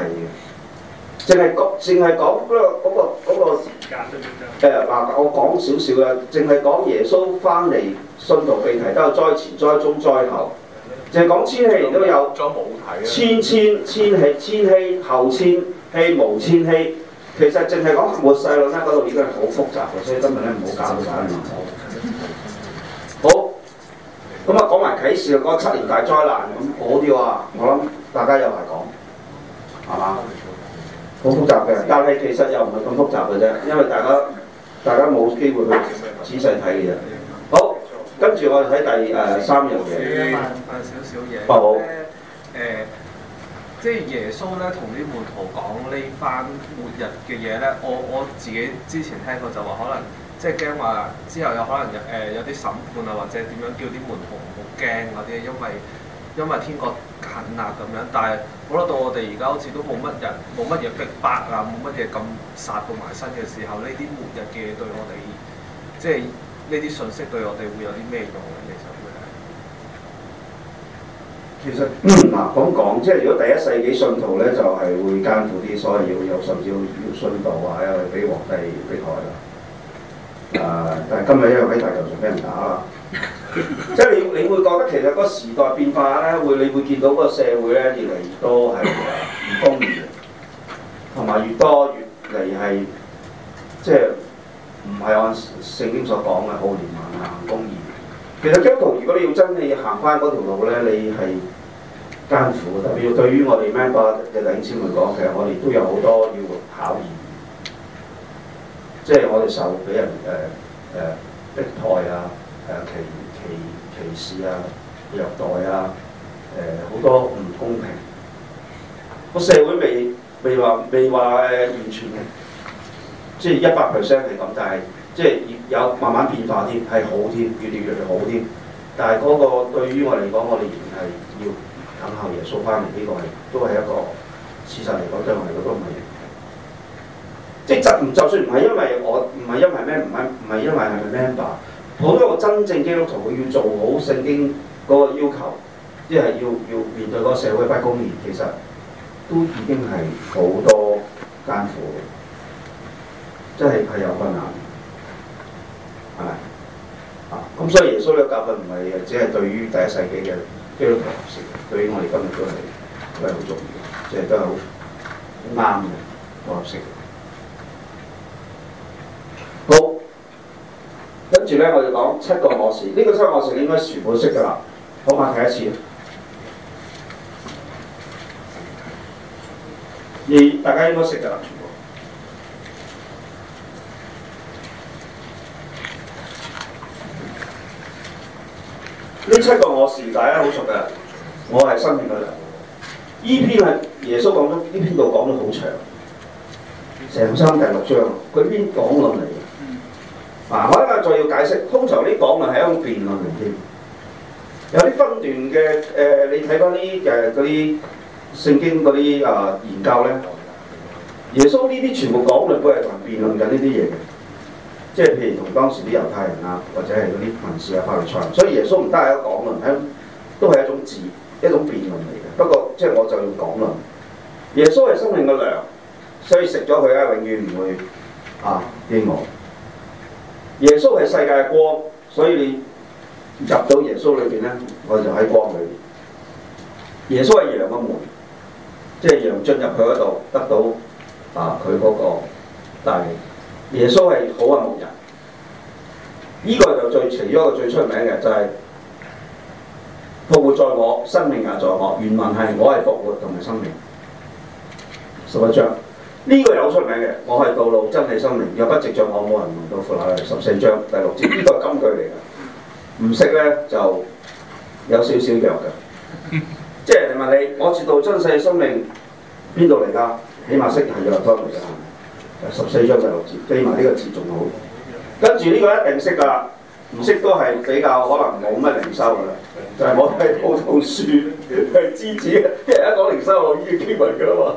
系嘅，淨係講淨係講嗰個嗰、嗰個嗰、嗰個時間嗱，我講少少嘅，淨係講耶穌翻嚟，信徒被提都有災前、災中、災後，淨係講千禧都有。咗冇睇。千千千禧、千禧、千禧後千禧無千禧。其實淨係講末世論咧，嗰度已經係好複雜嘅，所以今日咧唔好搞到曬好。咁啊，講埋啟示嗰、那個、七年大災難咁嗰啲啊。我諗大家有埋講，係嘛？好複雜嘅。但係其實又唔係咁複雜嘅啫，因為大家大家冇機會去仔細睇嘅啫。好，跟住我哋睇第誒三樣嘢。少少嘢。好。誒、嗯，即係耶穌咧，同啲門徒講呢番末日嘅嘢咧，我我自己之前聽過就話可能。即係驚話之後有可能有誒、呃、有啲審判啊，或者點樣叫啲門徒好驚嗰啲，因為因為天國近啊咁樣。但係好得到我哋而家好似都冇乜人冇乜嘢逼迫白啊，冇乜嘢咁殺到埋身嘅時候，呢啲末日嘅對我哋，即係呢啲信息對我哋會有啲咩用咧？其實其實嗯嗱咁講，即係如果第一世紀信徒咧，就係、是、會艱苦啲，所以要有甚至要，要信道啊，因為俾皇帝逼害啦。誒、呃，但係今日呢個偉大球場俾人打啦，即 係你你會覺得其實個時代變化咧，會你會見到個社會咧越嚟越多係唔公義，同埋越多越嚟係即係唔係按聖經所講嘅好憐憫行公義。其實基督徒如果你要真係行翻嗰條路咧，你係艱苦嘅，特別對於我哋咩嘅領先嚟講，其實我哋都有好多要考驗。即係我哋受俾人誒誒迫害啊，誒歧歧歧視啊，虐待啊，誒、呃、好多唔公平，個社會未未話未話誒完全嘅，即係一百 percent 係咁，但係即係有慢慢變化添，係好添，越嚟越好添。但係嗰個對於我嚟講，我哋仍然係要等候耶穌翻嚟，呢、這個係都係一個事實嚟講，對我嚟講都唔係。即就唔就算唔係因為我唔係因為咩唔係唔係因為係咪 member 好多個真正基督徒佢要做好聖經嗰個要求，即係要要面對嗰個社會不公義，其實都已經係好多艱苦，真係係有困難，係咪啊？咁所以耶穌嘅教訓唔係只係對於第一世紀嘅基督徒合適，對於我哋今日都係都係好重要，即係都係好啱嘅，好合適。好，跟住咧，我哋講七個我事。呢、這個七個我事，你應該全部識噶啦。好，慢睇一次。你大家應該識噶啦。呢七個我事，大家好熟噶。我係新約嘅人。呢篇係耶穌講咗，呢篇度講得好長，成三第六章。佢呢邊講咁嚟。嗱、啊，我咧就要解釋，通常呢講論係一種辯論嚟添。有啲分段嘅誒，呃，你睇翻啲誒，嗰啲聖經嗰啲啊研究咧，耶穌呢啲全部講論都係同人辯論緊呢啲嘢嘅，即係譬如同當時啲猶太人啊，或者係嗰啲文士啊發言。所以耶穌唔單係一個講論，係都係一種字，一種辯論嚟嘅。不過即係我就用講論，耶穌係生命嘅糧，所以食咗佢啊，永遠唔會啊飢餓。耶穌係世界嘅光，所以你入到耶穌裏面咧，我就喺光裏面。耶穌係羊嘅門，即係羊進入佢嗰度得到啊佢嗰個大。耶穌係好嘅牧人，呢、這個就最除咗個最出名嘅就係、是、復活在我，生命也在我，原文係我係復活同埋生命。十一章。呢個有出名嘅，我係道路真理生命若不藉著我，冇人用到。扶下十四章第六節，呢、這個金句嚟嘅，唔識呢就有少少弱嘅，即係人問你，我說道真理生命邊度嚟㗎？起碼識係約翰嚟㗎。就是、十四章嘅六字記埋呢個字仲好。跟住呢個一定識㗎，唔識都係比較可能冇乜靈修㗎啦。就係、是、我係普通書，係知子。一人一講靈修，我已經激暈㗎啦嘛。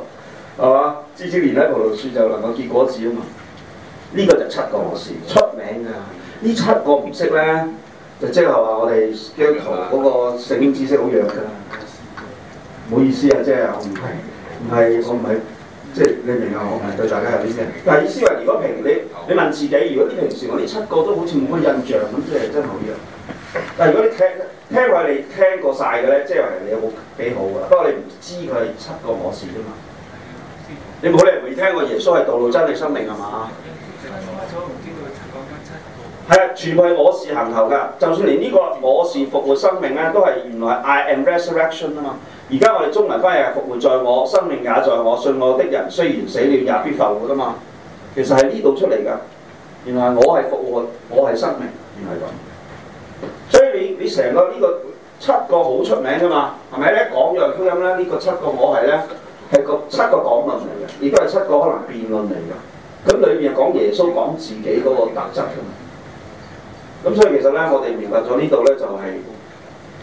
係嘛？枝枝連喺葡萄樹就能夠結果子啊嘛！呢、這個就七個我事，出名啊！呢七個唔識咧，就即係話我哋張圖嗰個聖經知識好弱㗎啦。唔好意思啊，即係唔係唔係，我唔係即係你明白我唔對大家有啲咩？但係意思係，如果平你你問自己，如果啲平時我呢七個都好似冇乜印象咁，即係真係好弱。但係如果你聽聽佢哋聽過晒嘅咧，即係話人有冇幾好㗎？不過你唔知佢係七個我事啫嘛。你冇理由未聽過耶穌係道路真理生命係嘛？係啊，全部係我是行頭噶，就算連呢個我是復活生命咧，都係原來 I am resurrection 啊嘛。而家我哋中文翻譯係復活在我，生命也在我，信我的人雖然死了，也必復活噶嘛。其實係呢度出嚟噶，原來我係復活，我係生命，原來咁。所以你你成個呢個七個好出名噶嘛，係咪咧？講約翰福音啦，呢個七個我係咧。係個七個講論嚟嘅，亦都係七個可能辯論嚟嘅。咁裏面又講耶穌講自己嗰個特質咁。咁所以其實呢，我哋明白咗呢度呢，就係、是、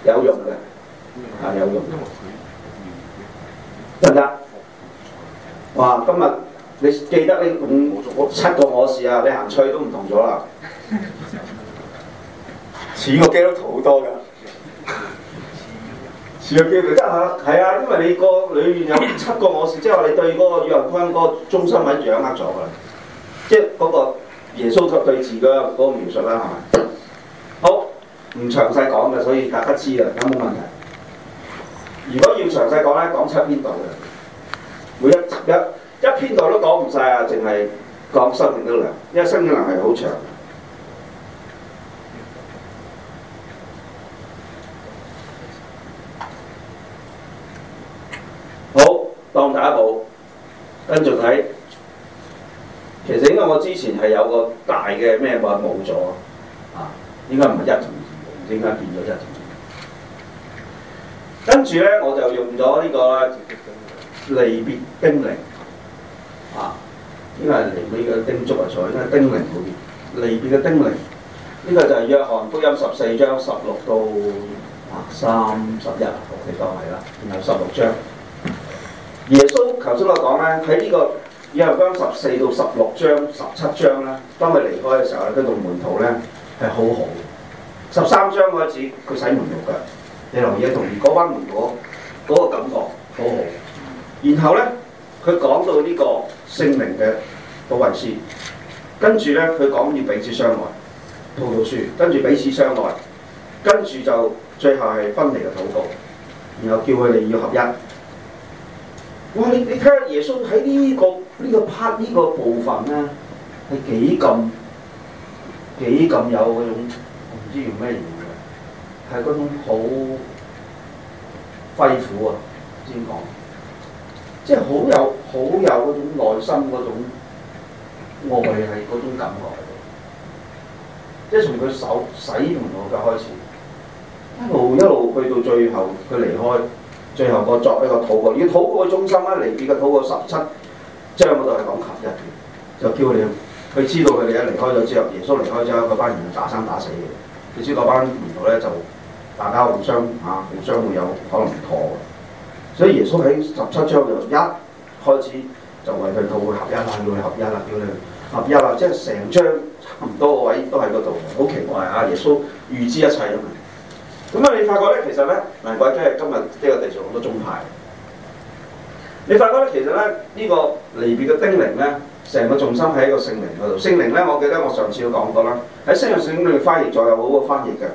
有用嘅，係有用。得唔得？哇！今日你記得呢五七個我事啊？你行出去都唔同咗啦，似個 基督徒好多㗎。 少個機會，即係嚇，係啊，因為你個裏面有七個我事，即係話你對嗰個約翰福音中心品掌握咗㗎啦，即係嗰個耶穌及對賊嘅嗰個描述啦，係咪？好，唔詳細講嘅，所以大家知啊，咁冇問題。如果要詳細講咧，講七篇度嘅，每一一一篇度都講唔曬啊，淨係講生命的力量，因為生命的力量係好長。當第一步，跟住睇，其實應該我之前係有個大嘅咩嘢話冇咗啊？應該唔係一同二同，而家變咗一同。跟住咧，我就用咗呢個離別叮嚀啊！呢、這個係離別嘅叮囑啊，在呢個叮嚀嗰邊，離別嘅叮嚀呢個就係約翰福音十四章十六到啊三十一，我哋當係啦，然後十六章。耶穌頭先我講咧，喺呢個約翰福音十四到十六章、十七章咧，當佢離開嘅時候咧，佢同門徒咧係好好。十三章開始，佢洗門徒腳，你留意下同嗰班門徒嗰個感覺好好。然後咧，佢講到呢個聖靈嘅保惠師，跟住咧佢講要彼此相愛，葡萄樹，跟住彼此相愛，跟住就最後係分離嘅禱告，然後叫佢哋要合一。哇！你你睇下耶穌喺呢個呢個 part 呢個部分咧，係幾咁，幾咁有嗰種唔知用咩嘢，形容？係嗰種好肺腑啊！先講？即係好有好有嗰種內心嗰種愛係嗰種感覺。即係從佢手洗盤嗰刻開始，一路一路去到最後佢離開。最後一個作呢個禱告，要禱告嘅中心咧。離別嘅禱告十七章嗰度係講合一，嘅，就叫你。佢知道佢哋一離開咗之後，耶穌離開之後，嗰班人打生打死嘅。你知嗰班信徒咧就大家互相嚇、啊，互相會有可能唔妥嘅。所以耶穌喺十七章就一開始就為佢哋禱告合一啦，要合一啦，叫你合一啦，即係成章差唔多位都喺嗰度。好奇怪啊！耶穌預知一切啊嘛。咁啊，你發覺咧，其實咧，難怪即係今日呢、呢個。個鐘牌，你發覺咧，其實咧呢、呢個離別嘅叮嚀咧，成個重心喺一個聖靈嗰度。聖靈咧，我記得我上次講過啦，喺聖靈聖經裏翻譯再有好多翻譯嘅。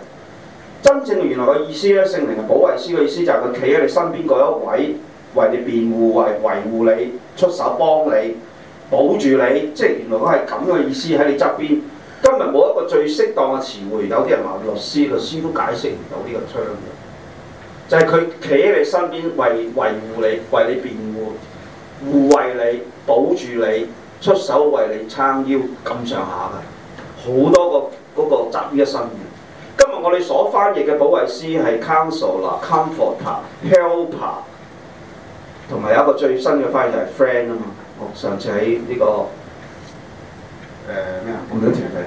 真正原來個意思咧，聖靈係保惠師嘅意思，就係佢企喺你身邊嗰一位，為你辯護，為維護你，你，出手幫你，保住你。即係原來佢係咁嘅意思喺你側邊。今日冇一個最適當嘅詞彙，有啲人話律師，律師都解釋唔到呢個窗。就係佢企喺你身邊，為維護你，為你辯護，護衞你，保住你，出手為你撐腰，咁上下嘅，好多個嗰個集於一身嘅。今日我哋所翻譯嘅保惠師係 Counselor 啦，Comforter，helper，、er, 同埋有一個最新嘅翻譯就係 friend 啊嘛。哦，上次喺呢、這個誒咩啊，講緊條例。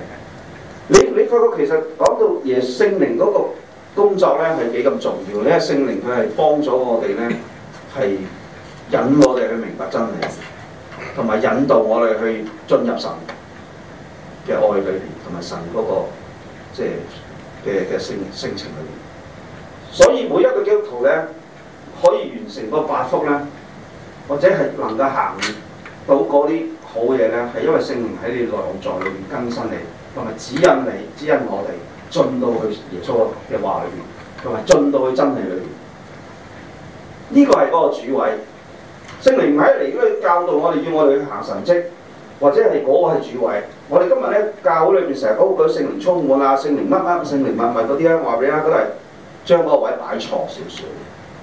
你你發覺其實講到耶聖明嗰個工作咧係幾咁重要咧，聖靈佢係幫咗我哋咧，係引我哋去明白真理，同埋引導我哋去進入神嘅愛裏邊，同埋神嗰、嗰個即係嘅嘅性性情裏邊。所以每一個基督徒咧，可以完成個八福咧，或者係能夠行到嗰啲好嘢咧，係因為聖靈喺你內在裏邊更新你，同埋指引你，指引我哋。進到去耶穌嘅話裏面，同埋進到去真理裏面，呢個係嗰個主位。聖靈唔係嚟呢教導我哋，要我哋去行神蹟，或者係嗰個係主位。我哋今日咧教會裏面成日講佢聖靈充滿啊，聖靈乜乜，聖靈乜乜嗰啲咧，話俾你聽，都係將嗰個位擺錯少少，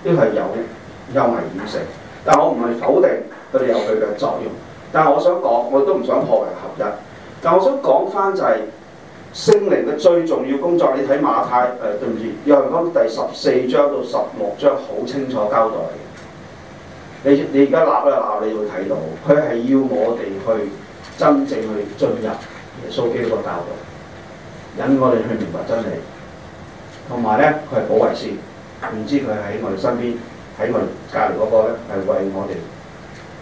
呢個係有有危險性。但係我唔係否定佢哋有佢嘅作用。但係我想講，我都唔想破為合一。但係我想講翻就係。聖靈嘅最重要工作，你睇馬太誒、呃，對唔住，約翰福音第十四章到十六章好清楚交代你，你而家立喇立喇，你要睇到佢係要我哋去真正去進入耶穌基督嘅教導，引我哋去明白真理。同埋咧，佢係保惠師，唔知佢喺我哋身邊，喺我哋隔離嗰個咧，係為我哋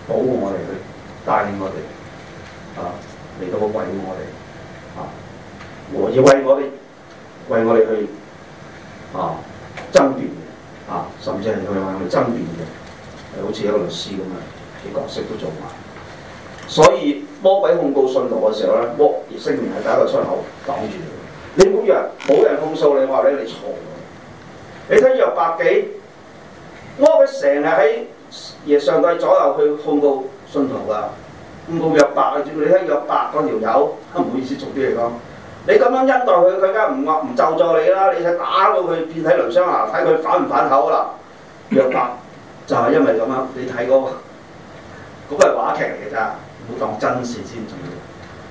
保護我哋，去帶領我哋啊嚟到個位我哋。和要為我哋，為我哋去啊爭辯啊，甚至係去為我哋爭辯嘅，係好似一個律師咁樣嘅角色都做埋。所以魔鬼控告信徒嘅時候咧，魔鬼聲明係打個出口擋住你你冇人冇人控訴你，我話你你錯。你睇約伯幾，魔鬼成日喺耶上帝左右去控告信徒㗎，唔到約伯啊！你睇約伯嗰條友，唔好意思，做啲嘢講。你咁樣恩待佢，佢梗係唔話唔就助你啦！你就打到佢遍體鱗傷啊，睇佢反唔反口啦？約伯就係、是、因為咁樣，你睇過、嗰個？嗰個係話劇嚟嘅咋，唔好當真事先。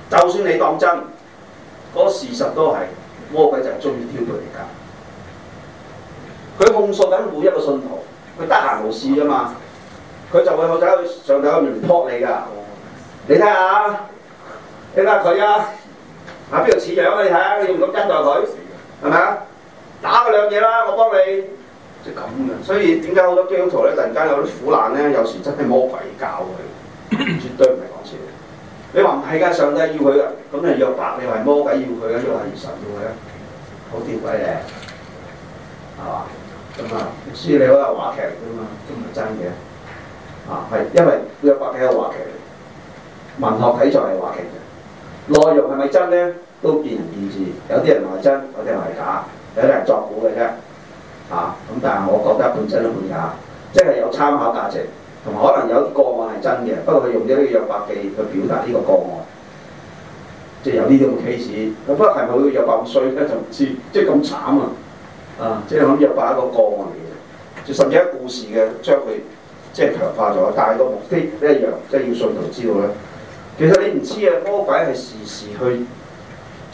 就算你當真，嗰個事實都係魔鬼就係鍾意挑撥你噶。佢控訴緊每一個信徒，佢得閒無事啊嘛，佢就會去走去上台咁樣撲你噶。你睇下，你睇下佢啊！喺邊度似樣啊？你睇下，你唔敢跟待佢，係咪啊？打佢兩嘢啦，我幫你。即係咁嘅，所以點解好多基督徒咧，突然間有啲苦難咧，有時真係魔鬼教佢，咳咳絕對唔係講笑。你話唔係嘅，上帝要佢嘅，咁你約伯你話魔鬼要佢啊，約瑟神要佢啊，好跌鬼嘅，係嘛？咁啊，書你嗰個話劇嚟噶嘛，都唔係真嘅。啊，係因為約伯係一個話劇嚟，文學體裁係話劇嚟，內容係咪真咧？都見仁見智，有啲人話真，有啲人話假，有啲人作古嘅啫，啊咁！但係我覺得半真半假，即係有參考價值，同埋可能有啲個案係真嘅，不過佢用咗呢個約伯記去表達呢個個案，即係有呢種 case。不過係咪係個約伯咁衰咧就唔知，即係咁慘啊！啊，即係咁約伯一個個案嚟嘅，就甚至一故事嘅將佢即係強化咗，但係個目的一樣，即係要信徒知道咧。其實你唔知嘅魔鬼係時時去。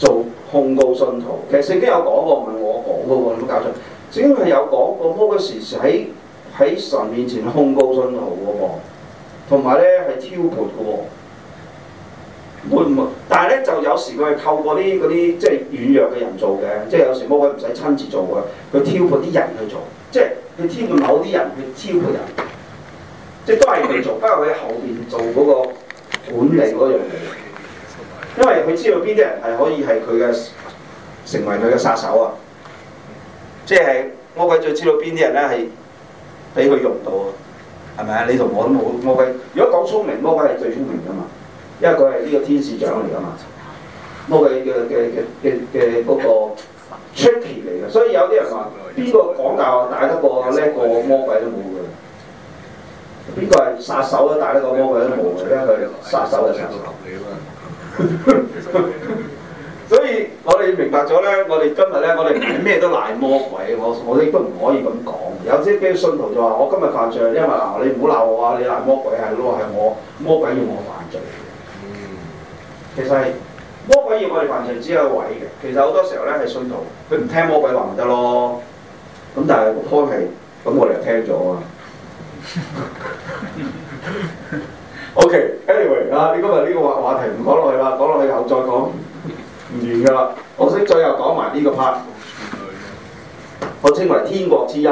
做控告信徒，其實聖經有講過，唔係我講噶喎，有冇搞錯。聖經係有講過魔鬼時時喺喺神面前控告信徒噶喎，同埋咧係挑撥噶喎，會唔會？但係咧就有時佢係透過啲嗰啲即係軟弱嘅人做嘅，即係有時魔鬼唔使親自做嘅，佢挑撥啲人去做，即係佢挑撥某啲人去挑撥人，即係都係佢做，不過佢喺後邊做嗰個管理嗰樣嘢。因為佢知道邊啲人係可以係佢嘅成為佢嘅殺手啊，即係魔鬼最知道邊啲人咧係俾佢用到啊，係咪啊？你同我都冇魔鬼。如果講聰明，魔鬼係最聰明噶嘛，因為佢係呢個天使長嚟噶嘛，魔鬼嘅嘅嘅嘅嘅嗰個 tricky 嚟嘅。所以有啲人話邊個講教大得過呢個魔鬼都冇㗎，邊個係殺手都大得過魔鬼都冇㗎，佢殺手嚟㗎。 所以我哋明白咗呢。我哋今日呢，我哋唔係咩都賴魔鬼，我我亦都唔可以咁講。有啲信徒就話我今日犯罪，因為嗱，你唔好鬧我啊，你賴魔鬼係咯，係我魔鬼要我犯罪。其實魔鬼要我哋犯罪，只有一位嘅。其實好多時候呢，係信徒，佢唔聽魔鬼話咪得咯。咁但係開氣，咁我哋就聽咗啊。 O、okay, K. Anyway，啊，你今日呢個話話題唔講落去啦，講落去後再講，唔完噶啦，我先最後講埋呢個 part。我稱為天國之音，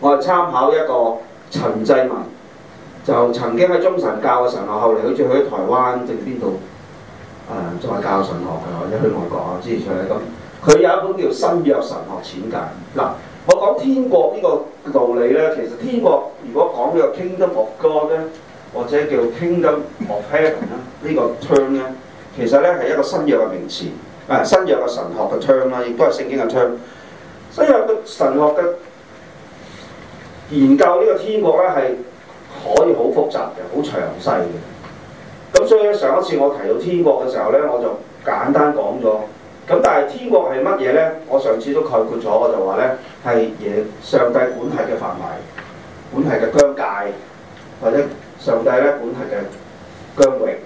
我係參考一個陳濟文，就曾經喺中神教嘅神學，後嚟好似去台灣定邊度，誒、嗯，再教神學嘅，一去外國啊，我之前就咁。佢有一本叫《新約神學淺解》。嗱，我講天國呢個道理咧，其實天國如果講又 Kingdom of God 咧。或者叫 Kingdom of Heaven 啦，呢個 c h 咧，其實咧係一個新約嘅名詞，啊新約嘅神學嘅 c h 啦，亦都係聖經嘅 c 新 u 嘅神學嘅研究，呢個天國咧係可以好複雜嘅，好詳細嘅。咁所以咧，上一次我提到天國嘅時候咧，我就簡單講咗。咁但係天國係乜嘢咧？我上次都概括咗，我就話咧係耶上帝管轄嘅範圍，管轄嘅疆界或者。上帝咧管轄嘅疆域，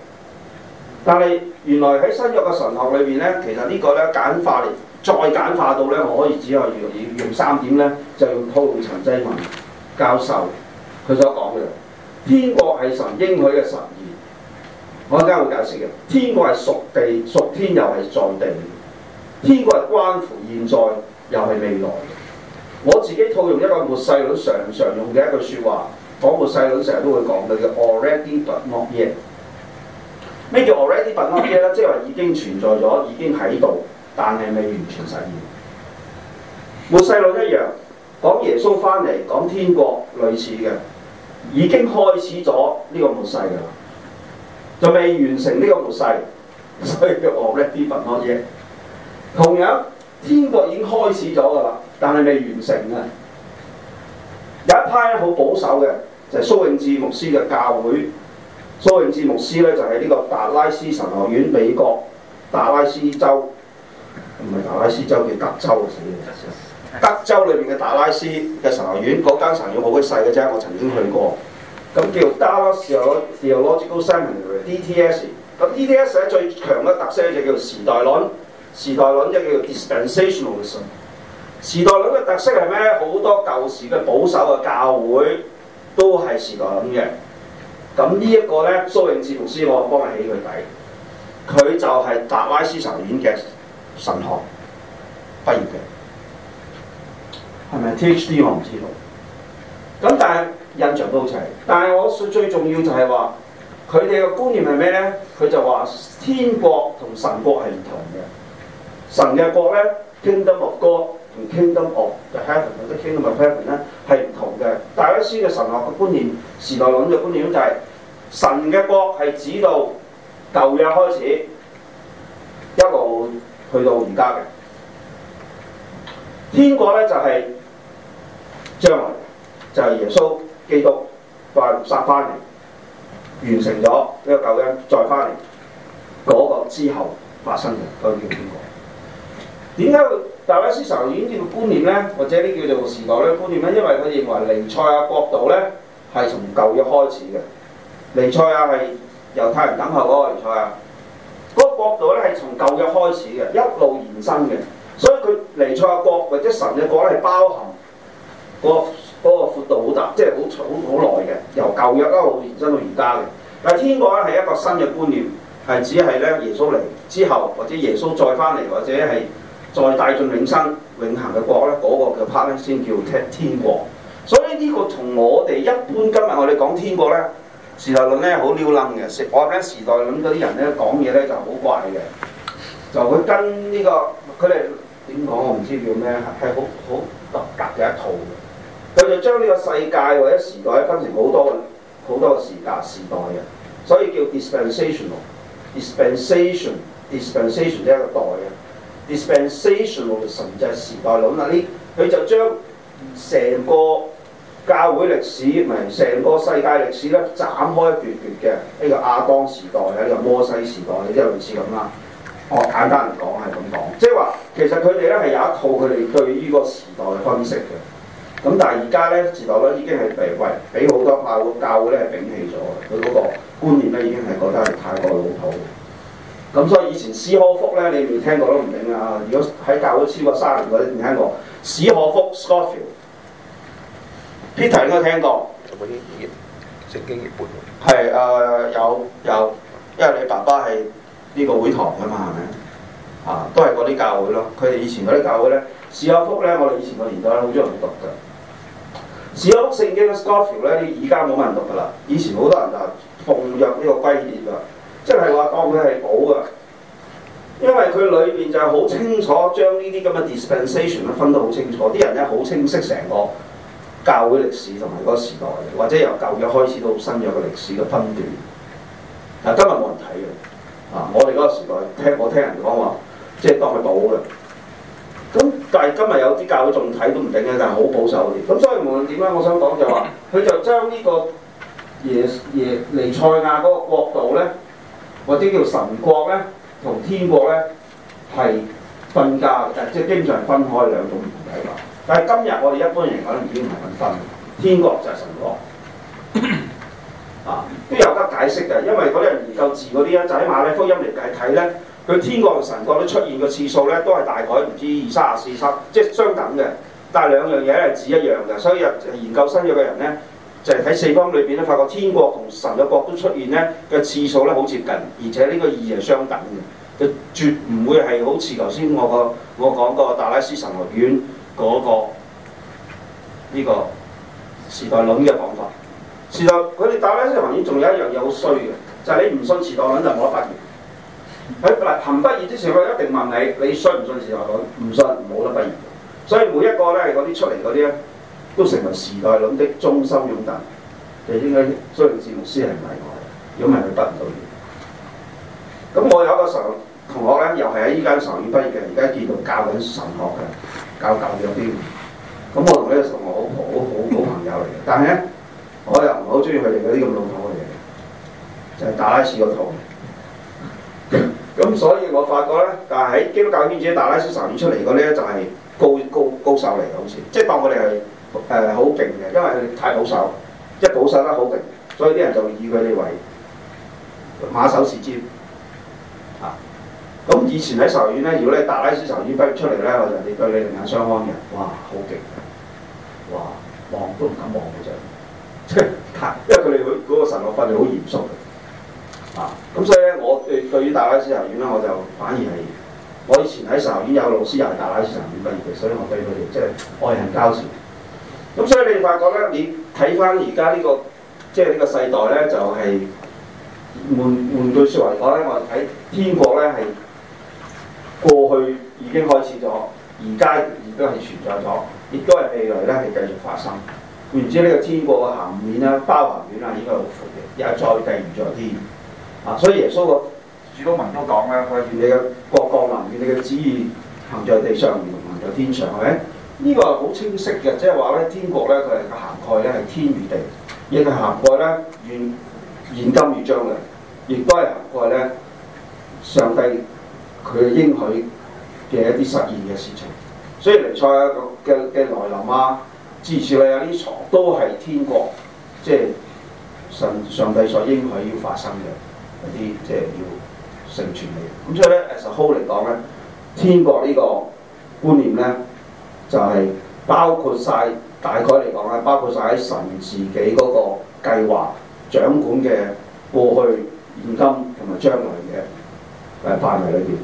但係原來喺新約嘅神學裏邊咧，其實呢個咧簡化，再簡化到咧，我可以只可以用用三點咧，就用套用陳濟文教授佢所講嘅天國係神應許嘅實現，我一陣間會解釋嘅。天國係屬地屬天又係在地，天國係關乎現在又係未來。我自己套用一個末世佬常常用嘅一句説話。講末世論成日都會講，佢叫 already but not yet。咩叫 already but not yet 咧？即係話已經存在咗，已經喺度，但係未完全實現。末世論一樣講耶穌翻嚟，講天國類似嘅，已經開始咗呢個末世噶啦，就未完成呢個末世，所以叫 already but not yet。同樣，天國已經開始咗噶啦，但係未完成啊！有一派好保守嘅。就係蘇永智牧師嘅教會，蘇永智牧師咧就係、是、呢個達拉斯神學院，美國達拉斯州，唔係達拉斯州，叫德州嘅，德州，德州裏面嘅達拉斯嘅神學院，嗰間神學院好鬼細嘅啫，我曾經去過。咁叫 Dallas Theological Seminary，DTS。咁 DTS 咧，最強嘅特色就叫做時代論，時代論即係叫做 dispensationalism。時代論嘅特色係咩？好多舊時嘅保守嘅教會。都係時代咁嘅，咁呢一個咧，蘇永智牧師，我幫佢起佢底，佢就係達拉斯神院嘅神學畢業嘅，係咪 T H D 我唔知道，咁但係印象都好齊。但係我最最重要就係話，佢哋嘅觀念係咩咧？佢就話天國同神國係唔同嘅，神嘅國咧，天都牧歌。」同 Kingdom of Heaven 或者 Kingdom of Heaven 咧係唔同嘅。大衛詩嘅神學嘅觀念、時代論嘅觀念就係、是、神嘅國係指到舊約開始一路去到而家嘅天國咧就係、是、將來就係、是、耶穌基督快殺翻嚟完成咗呢個舊約再翻嚟嗰個之後發生嘅究竟叫天國。點解？但係咧，思想已經呢個觀念呢，或者呢叫做時代咧觀念呢，因為佢認為彌賽亞國度呢係從舊約開始嘅，彌賽亞係猶太人等候嗰、那個彌賽亞，嗰個國度呢係從舊約開始嘅，一路延伸嘅，所以佢彌賽亞國或者神嘅國呢係包含嗰、那、嗰、個那個闊度好大，即係好好好耐嘅，由舊約一路延伸到而家嘅。但係天國呢係一個新嘅觀念，係只係呢耶穌嚟之後，或者耶穌再翻嚟，或者係。再帶進永生永恆嘅國咧，嗰、那個嘅 part 咧先叫踢天國。所以呢個從我哋一般今日我哋講天國咧，時代論咧好撩楞嘅。食火雞時代論嗰啲人咧講嘢咧就好怪嘅，就佢跟呢、這個佢哋點講我唔知叫咩，係好好獨特嘅一套。佢就將呢個世界或者時代分成好多好多個時代時代嘅，所以叫 dispensational dispensation dispensation 即係一個代嘅。Dispensational 我哋神蹟時代論啊，呢佢就將成個教會歷史，唔係成個世界歷史咧斬開一段段嘅，呢個亞當時代啊，呢個摩西時代啊，即係類似咁啦。我簡單嚟講係咁講，即係話其實佢哋咧係有一套佢哋對呢個時代嘅分析嘅。咁但係而家咧時代咧已經係喂俾好多會教會教會咧摒棄咗佢嗰個觀念咧，已經係覺得係太過老土。咁所以以前史可福呢，你未聽過都唔定啊！如果喺教會超過三年嗰啲，未聽過史可福 （Scofield）、Peter 應該聽過。Field, Peter, 聽過有冇啲聖經熱門？係誒、呃、有有，因為你爸爸係呢個會堂㗎嘛，係咪啊？都係嗰啲教會咯。佢哋以前嗰啲教會呢，史可福呢，我哋以前個年代好多人讀㗎。史可福聖經 （Scofield） 咧，而家冇乜人讀㗎啦。以前好多人就奉若呢個圭臬㗎。即係話當佢係寶啊！因為佢裏邊就好清，清楚，將呢啲咁嘅 dispensation 分得好清楚。啲人呢，好清晰成個教會歷史同埋嗰個時代，或者由舊約開始到新約嘅歷史嘅分段。嗱，今日冇人睇嘅啊！我哋嗰個時代聽我聽人講話，即係當佢寶嘅。咁但係今日有啲教會仲睇都唔定嘅，但係好保守啲。咁所以無論點咧，我想講就話佢就將呢個耶耶尼塞亞嗰個國度呢。或者叫神國呢，同天國呢，係分家嘅，即係經常分開兩種唔同嘅計劃。但係今日我哋一般嚟講已經唔係咁分，天國就係神國 啊，都有得解釋嘅。因為嗰啲人研究字嗰啲咧，就喺、是、馬咧福音嚟計睇呢。佢天國同神國都出現個次數呢，都係大概唔知二三廿四次，3，即相等嘅。但係兩樣嘢咧係指一樣嘅，所以研究新約嘅人呢。就係喺四方裏邊咧，發覺天國同神嘅國都出現咧嘅次數咧好接近，而且呢個意義係相等嘅，就絕唔會係好似頭先我個我講過達拉斯神學院嗰個呢個時代論嘅講法。時代，佢哋達拉斯神學院仲有一樣嘢好衰嘅，就係、是、你唔信時代論就冇得畢業。喺嗱行畢業之前，我一定問你，你信唔信時代論？唔信冇得畢業。所以每一個咧，嗰啲出嚟嗰啲咧。都成為時代論的中心擁躉，就應該蘇聯哲學師係唔例外嘅，如果唔係佢畢唔到業。咁我有一個上同學咧，又係喺呢間神院畢業嘅，而家叫做教緊神學嘅，教教咗啲。咁我同呢個同學好好好好朋友嚟嘅，但係咧，我又唔係好中意佢哋嗰啲咁老土嘅嘢，就係、是、達拉斯嗰套。咁所以我發覺咧，但係喺基督教圈子達拉斯神院出嚟嘅咧，就係高高高手嚟嘅好似，即係當我哋係。誒好勁嘅，因為佢哋太保守，一保守得好勁，所以啲人就以佢哋為馬首是瞻啊！咁以前喺神學院咧，如果你達拉斯神學院畢業出嚟咧，我就人哋對你另眼相看嘅，哇，好勁！哇，望都唔敢望佢就，因為佢哋佢嗰個神學訓練好嚴肅嘅啊！咁所以咧，我對對於達拉斯神學院咧，我就反而係我以前喺神學院有個老師又係達拉斯神學院畢業嘅，所以我對佢哋即係愛恨交纏。咁所以你發覺呢，你睇翻而家呢個即係呢個世代呢，就係換換句説話嚟講呢，我哋睇天國呢，係過去已經開始咗，而家亦都係存在咗，亦都係未來呢，係繼續發生。換言之，呢個天國嘅行面啦、包含面啦，應該好闊嘅，又係在地唔在天啊！所以耶穌個主禱文都講咧，佢話願你嘅國降臨，願你嘅旨意行在地上，如同行在天上，係咪？呢個係好清晰嘅，即係話咧，天國咧，佢係個涵蓋咧係天與地，亦係涵蓋咧現現今與將來，亦都係涵蓋咧上帝佢應許嘅一啲實現嘅事情。所以尼賽嘅嘅嘅來臨啊，至少咧有啲床都係天國，即係神上帝所應許要發生嘅一啲即係要成全嘅嘢。咁所以咧 As a whole 嚟講咧，天國呢個觀念咧。就係包括晒，大概嚟講咧，包括晒喺神自己嗰個計劃掌管嘅過去、現今同埋將來嘅誒範圍裏邊，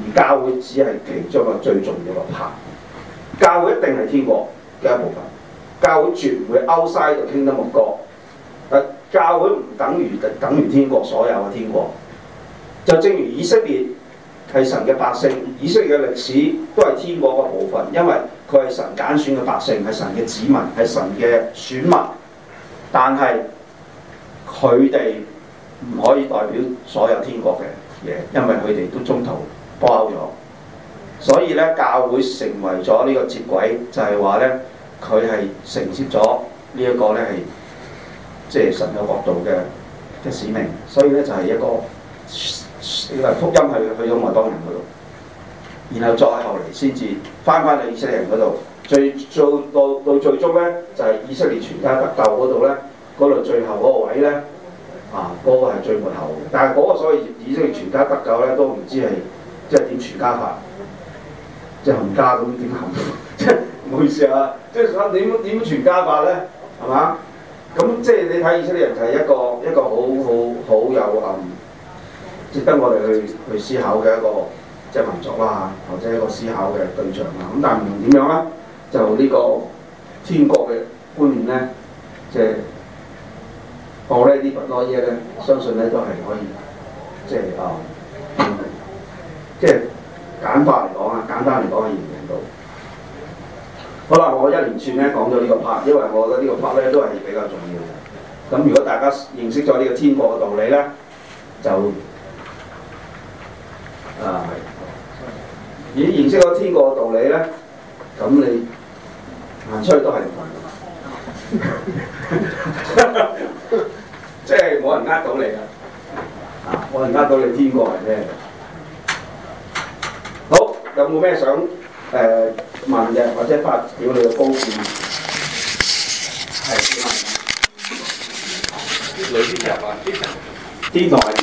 而教會只係其中一個最重要嘅 p a r 教會一定係天國嘅一部分，教會絕唔會勾晒喺度傾得木角。但教會唔等於等於天國所有嘅天國，就正如以色列係神嘅百姓，以色列嘅歷史都係天國嘅部分，因為。佢係神揀選嘅百姓，係神嘅子民，係神嘅選民。但係佢哋唔可以代表所有天國嘅嘢，因為佢哋都中途包咗。所以咧，教會成為咗呢個接軌，就係話咧，佢係承接咗呢一個咧係即係神嘅國度嘅嘅使命。所以咧，就係一個呢個福音去去咗外邦人嗰度。然後再後嚟先至翻返去以色列人嗰度，最做到到最終咧，就係、是、以色列全家得救嗰度咧，嗰度最後嗰個位咧，啊嗰、那個係最末後嘅。但係嗰個所謂以色列全家得救咧，都唔知係即係點全家法，即係冚家咁點冚，即係唔好意思啊！即係想點點全家法咧，係嘛？咁即係你睇以色列人就係一個一個好好好有幸值得我哋去去思考嘅一個。即係民族啦、啊，或者一個思考嘅對象啊。咁但係唔同點樣咧？就呢個天國嘅觀念咧，即係我呢啲不多嘢咧，相信咧都係可以，即係啊，嗯、即係簡化嚟講啊，簡單嚟講係完成到。好啦，我一連串咧講咗呢講個 part，因為我覺得個呢個 part 咧都係比較重要嘅。咁如果大家認識咗呢個天國嘅道理咧，就啊係。你認識咗天國道理咧，咁你行出去都係， 即係冇人呃到你啊！冇人呃到你，天國係咩？嗯、好，有冇咩想誒、呃、問嘅，或者發表你嘅高見？係市民，女士啊！天台。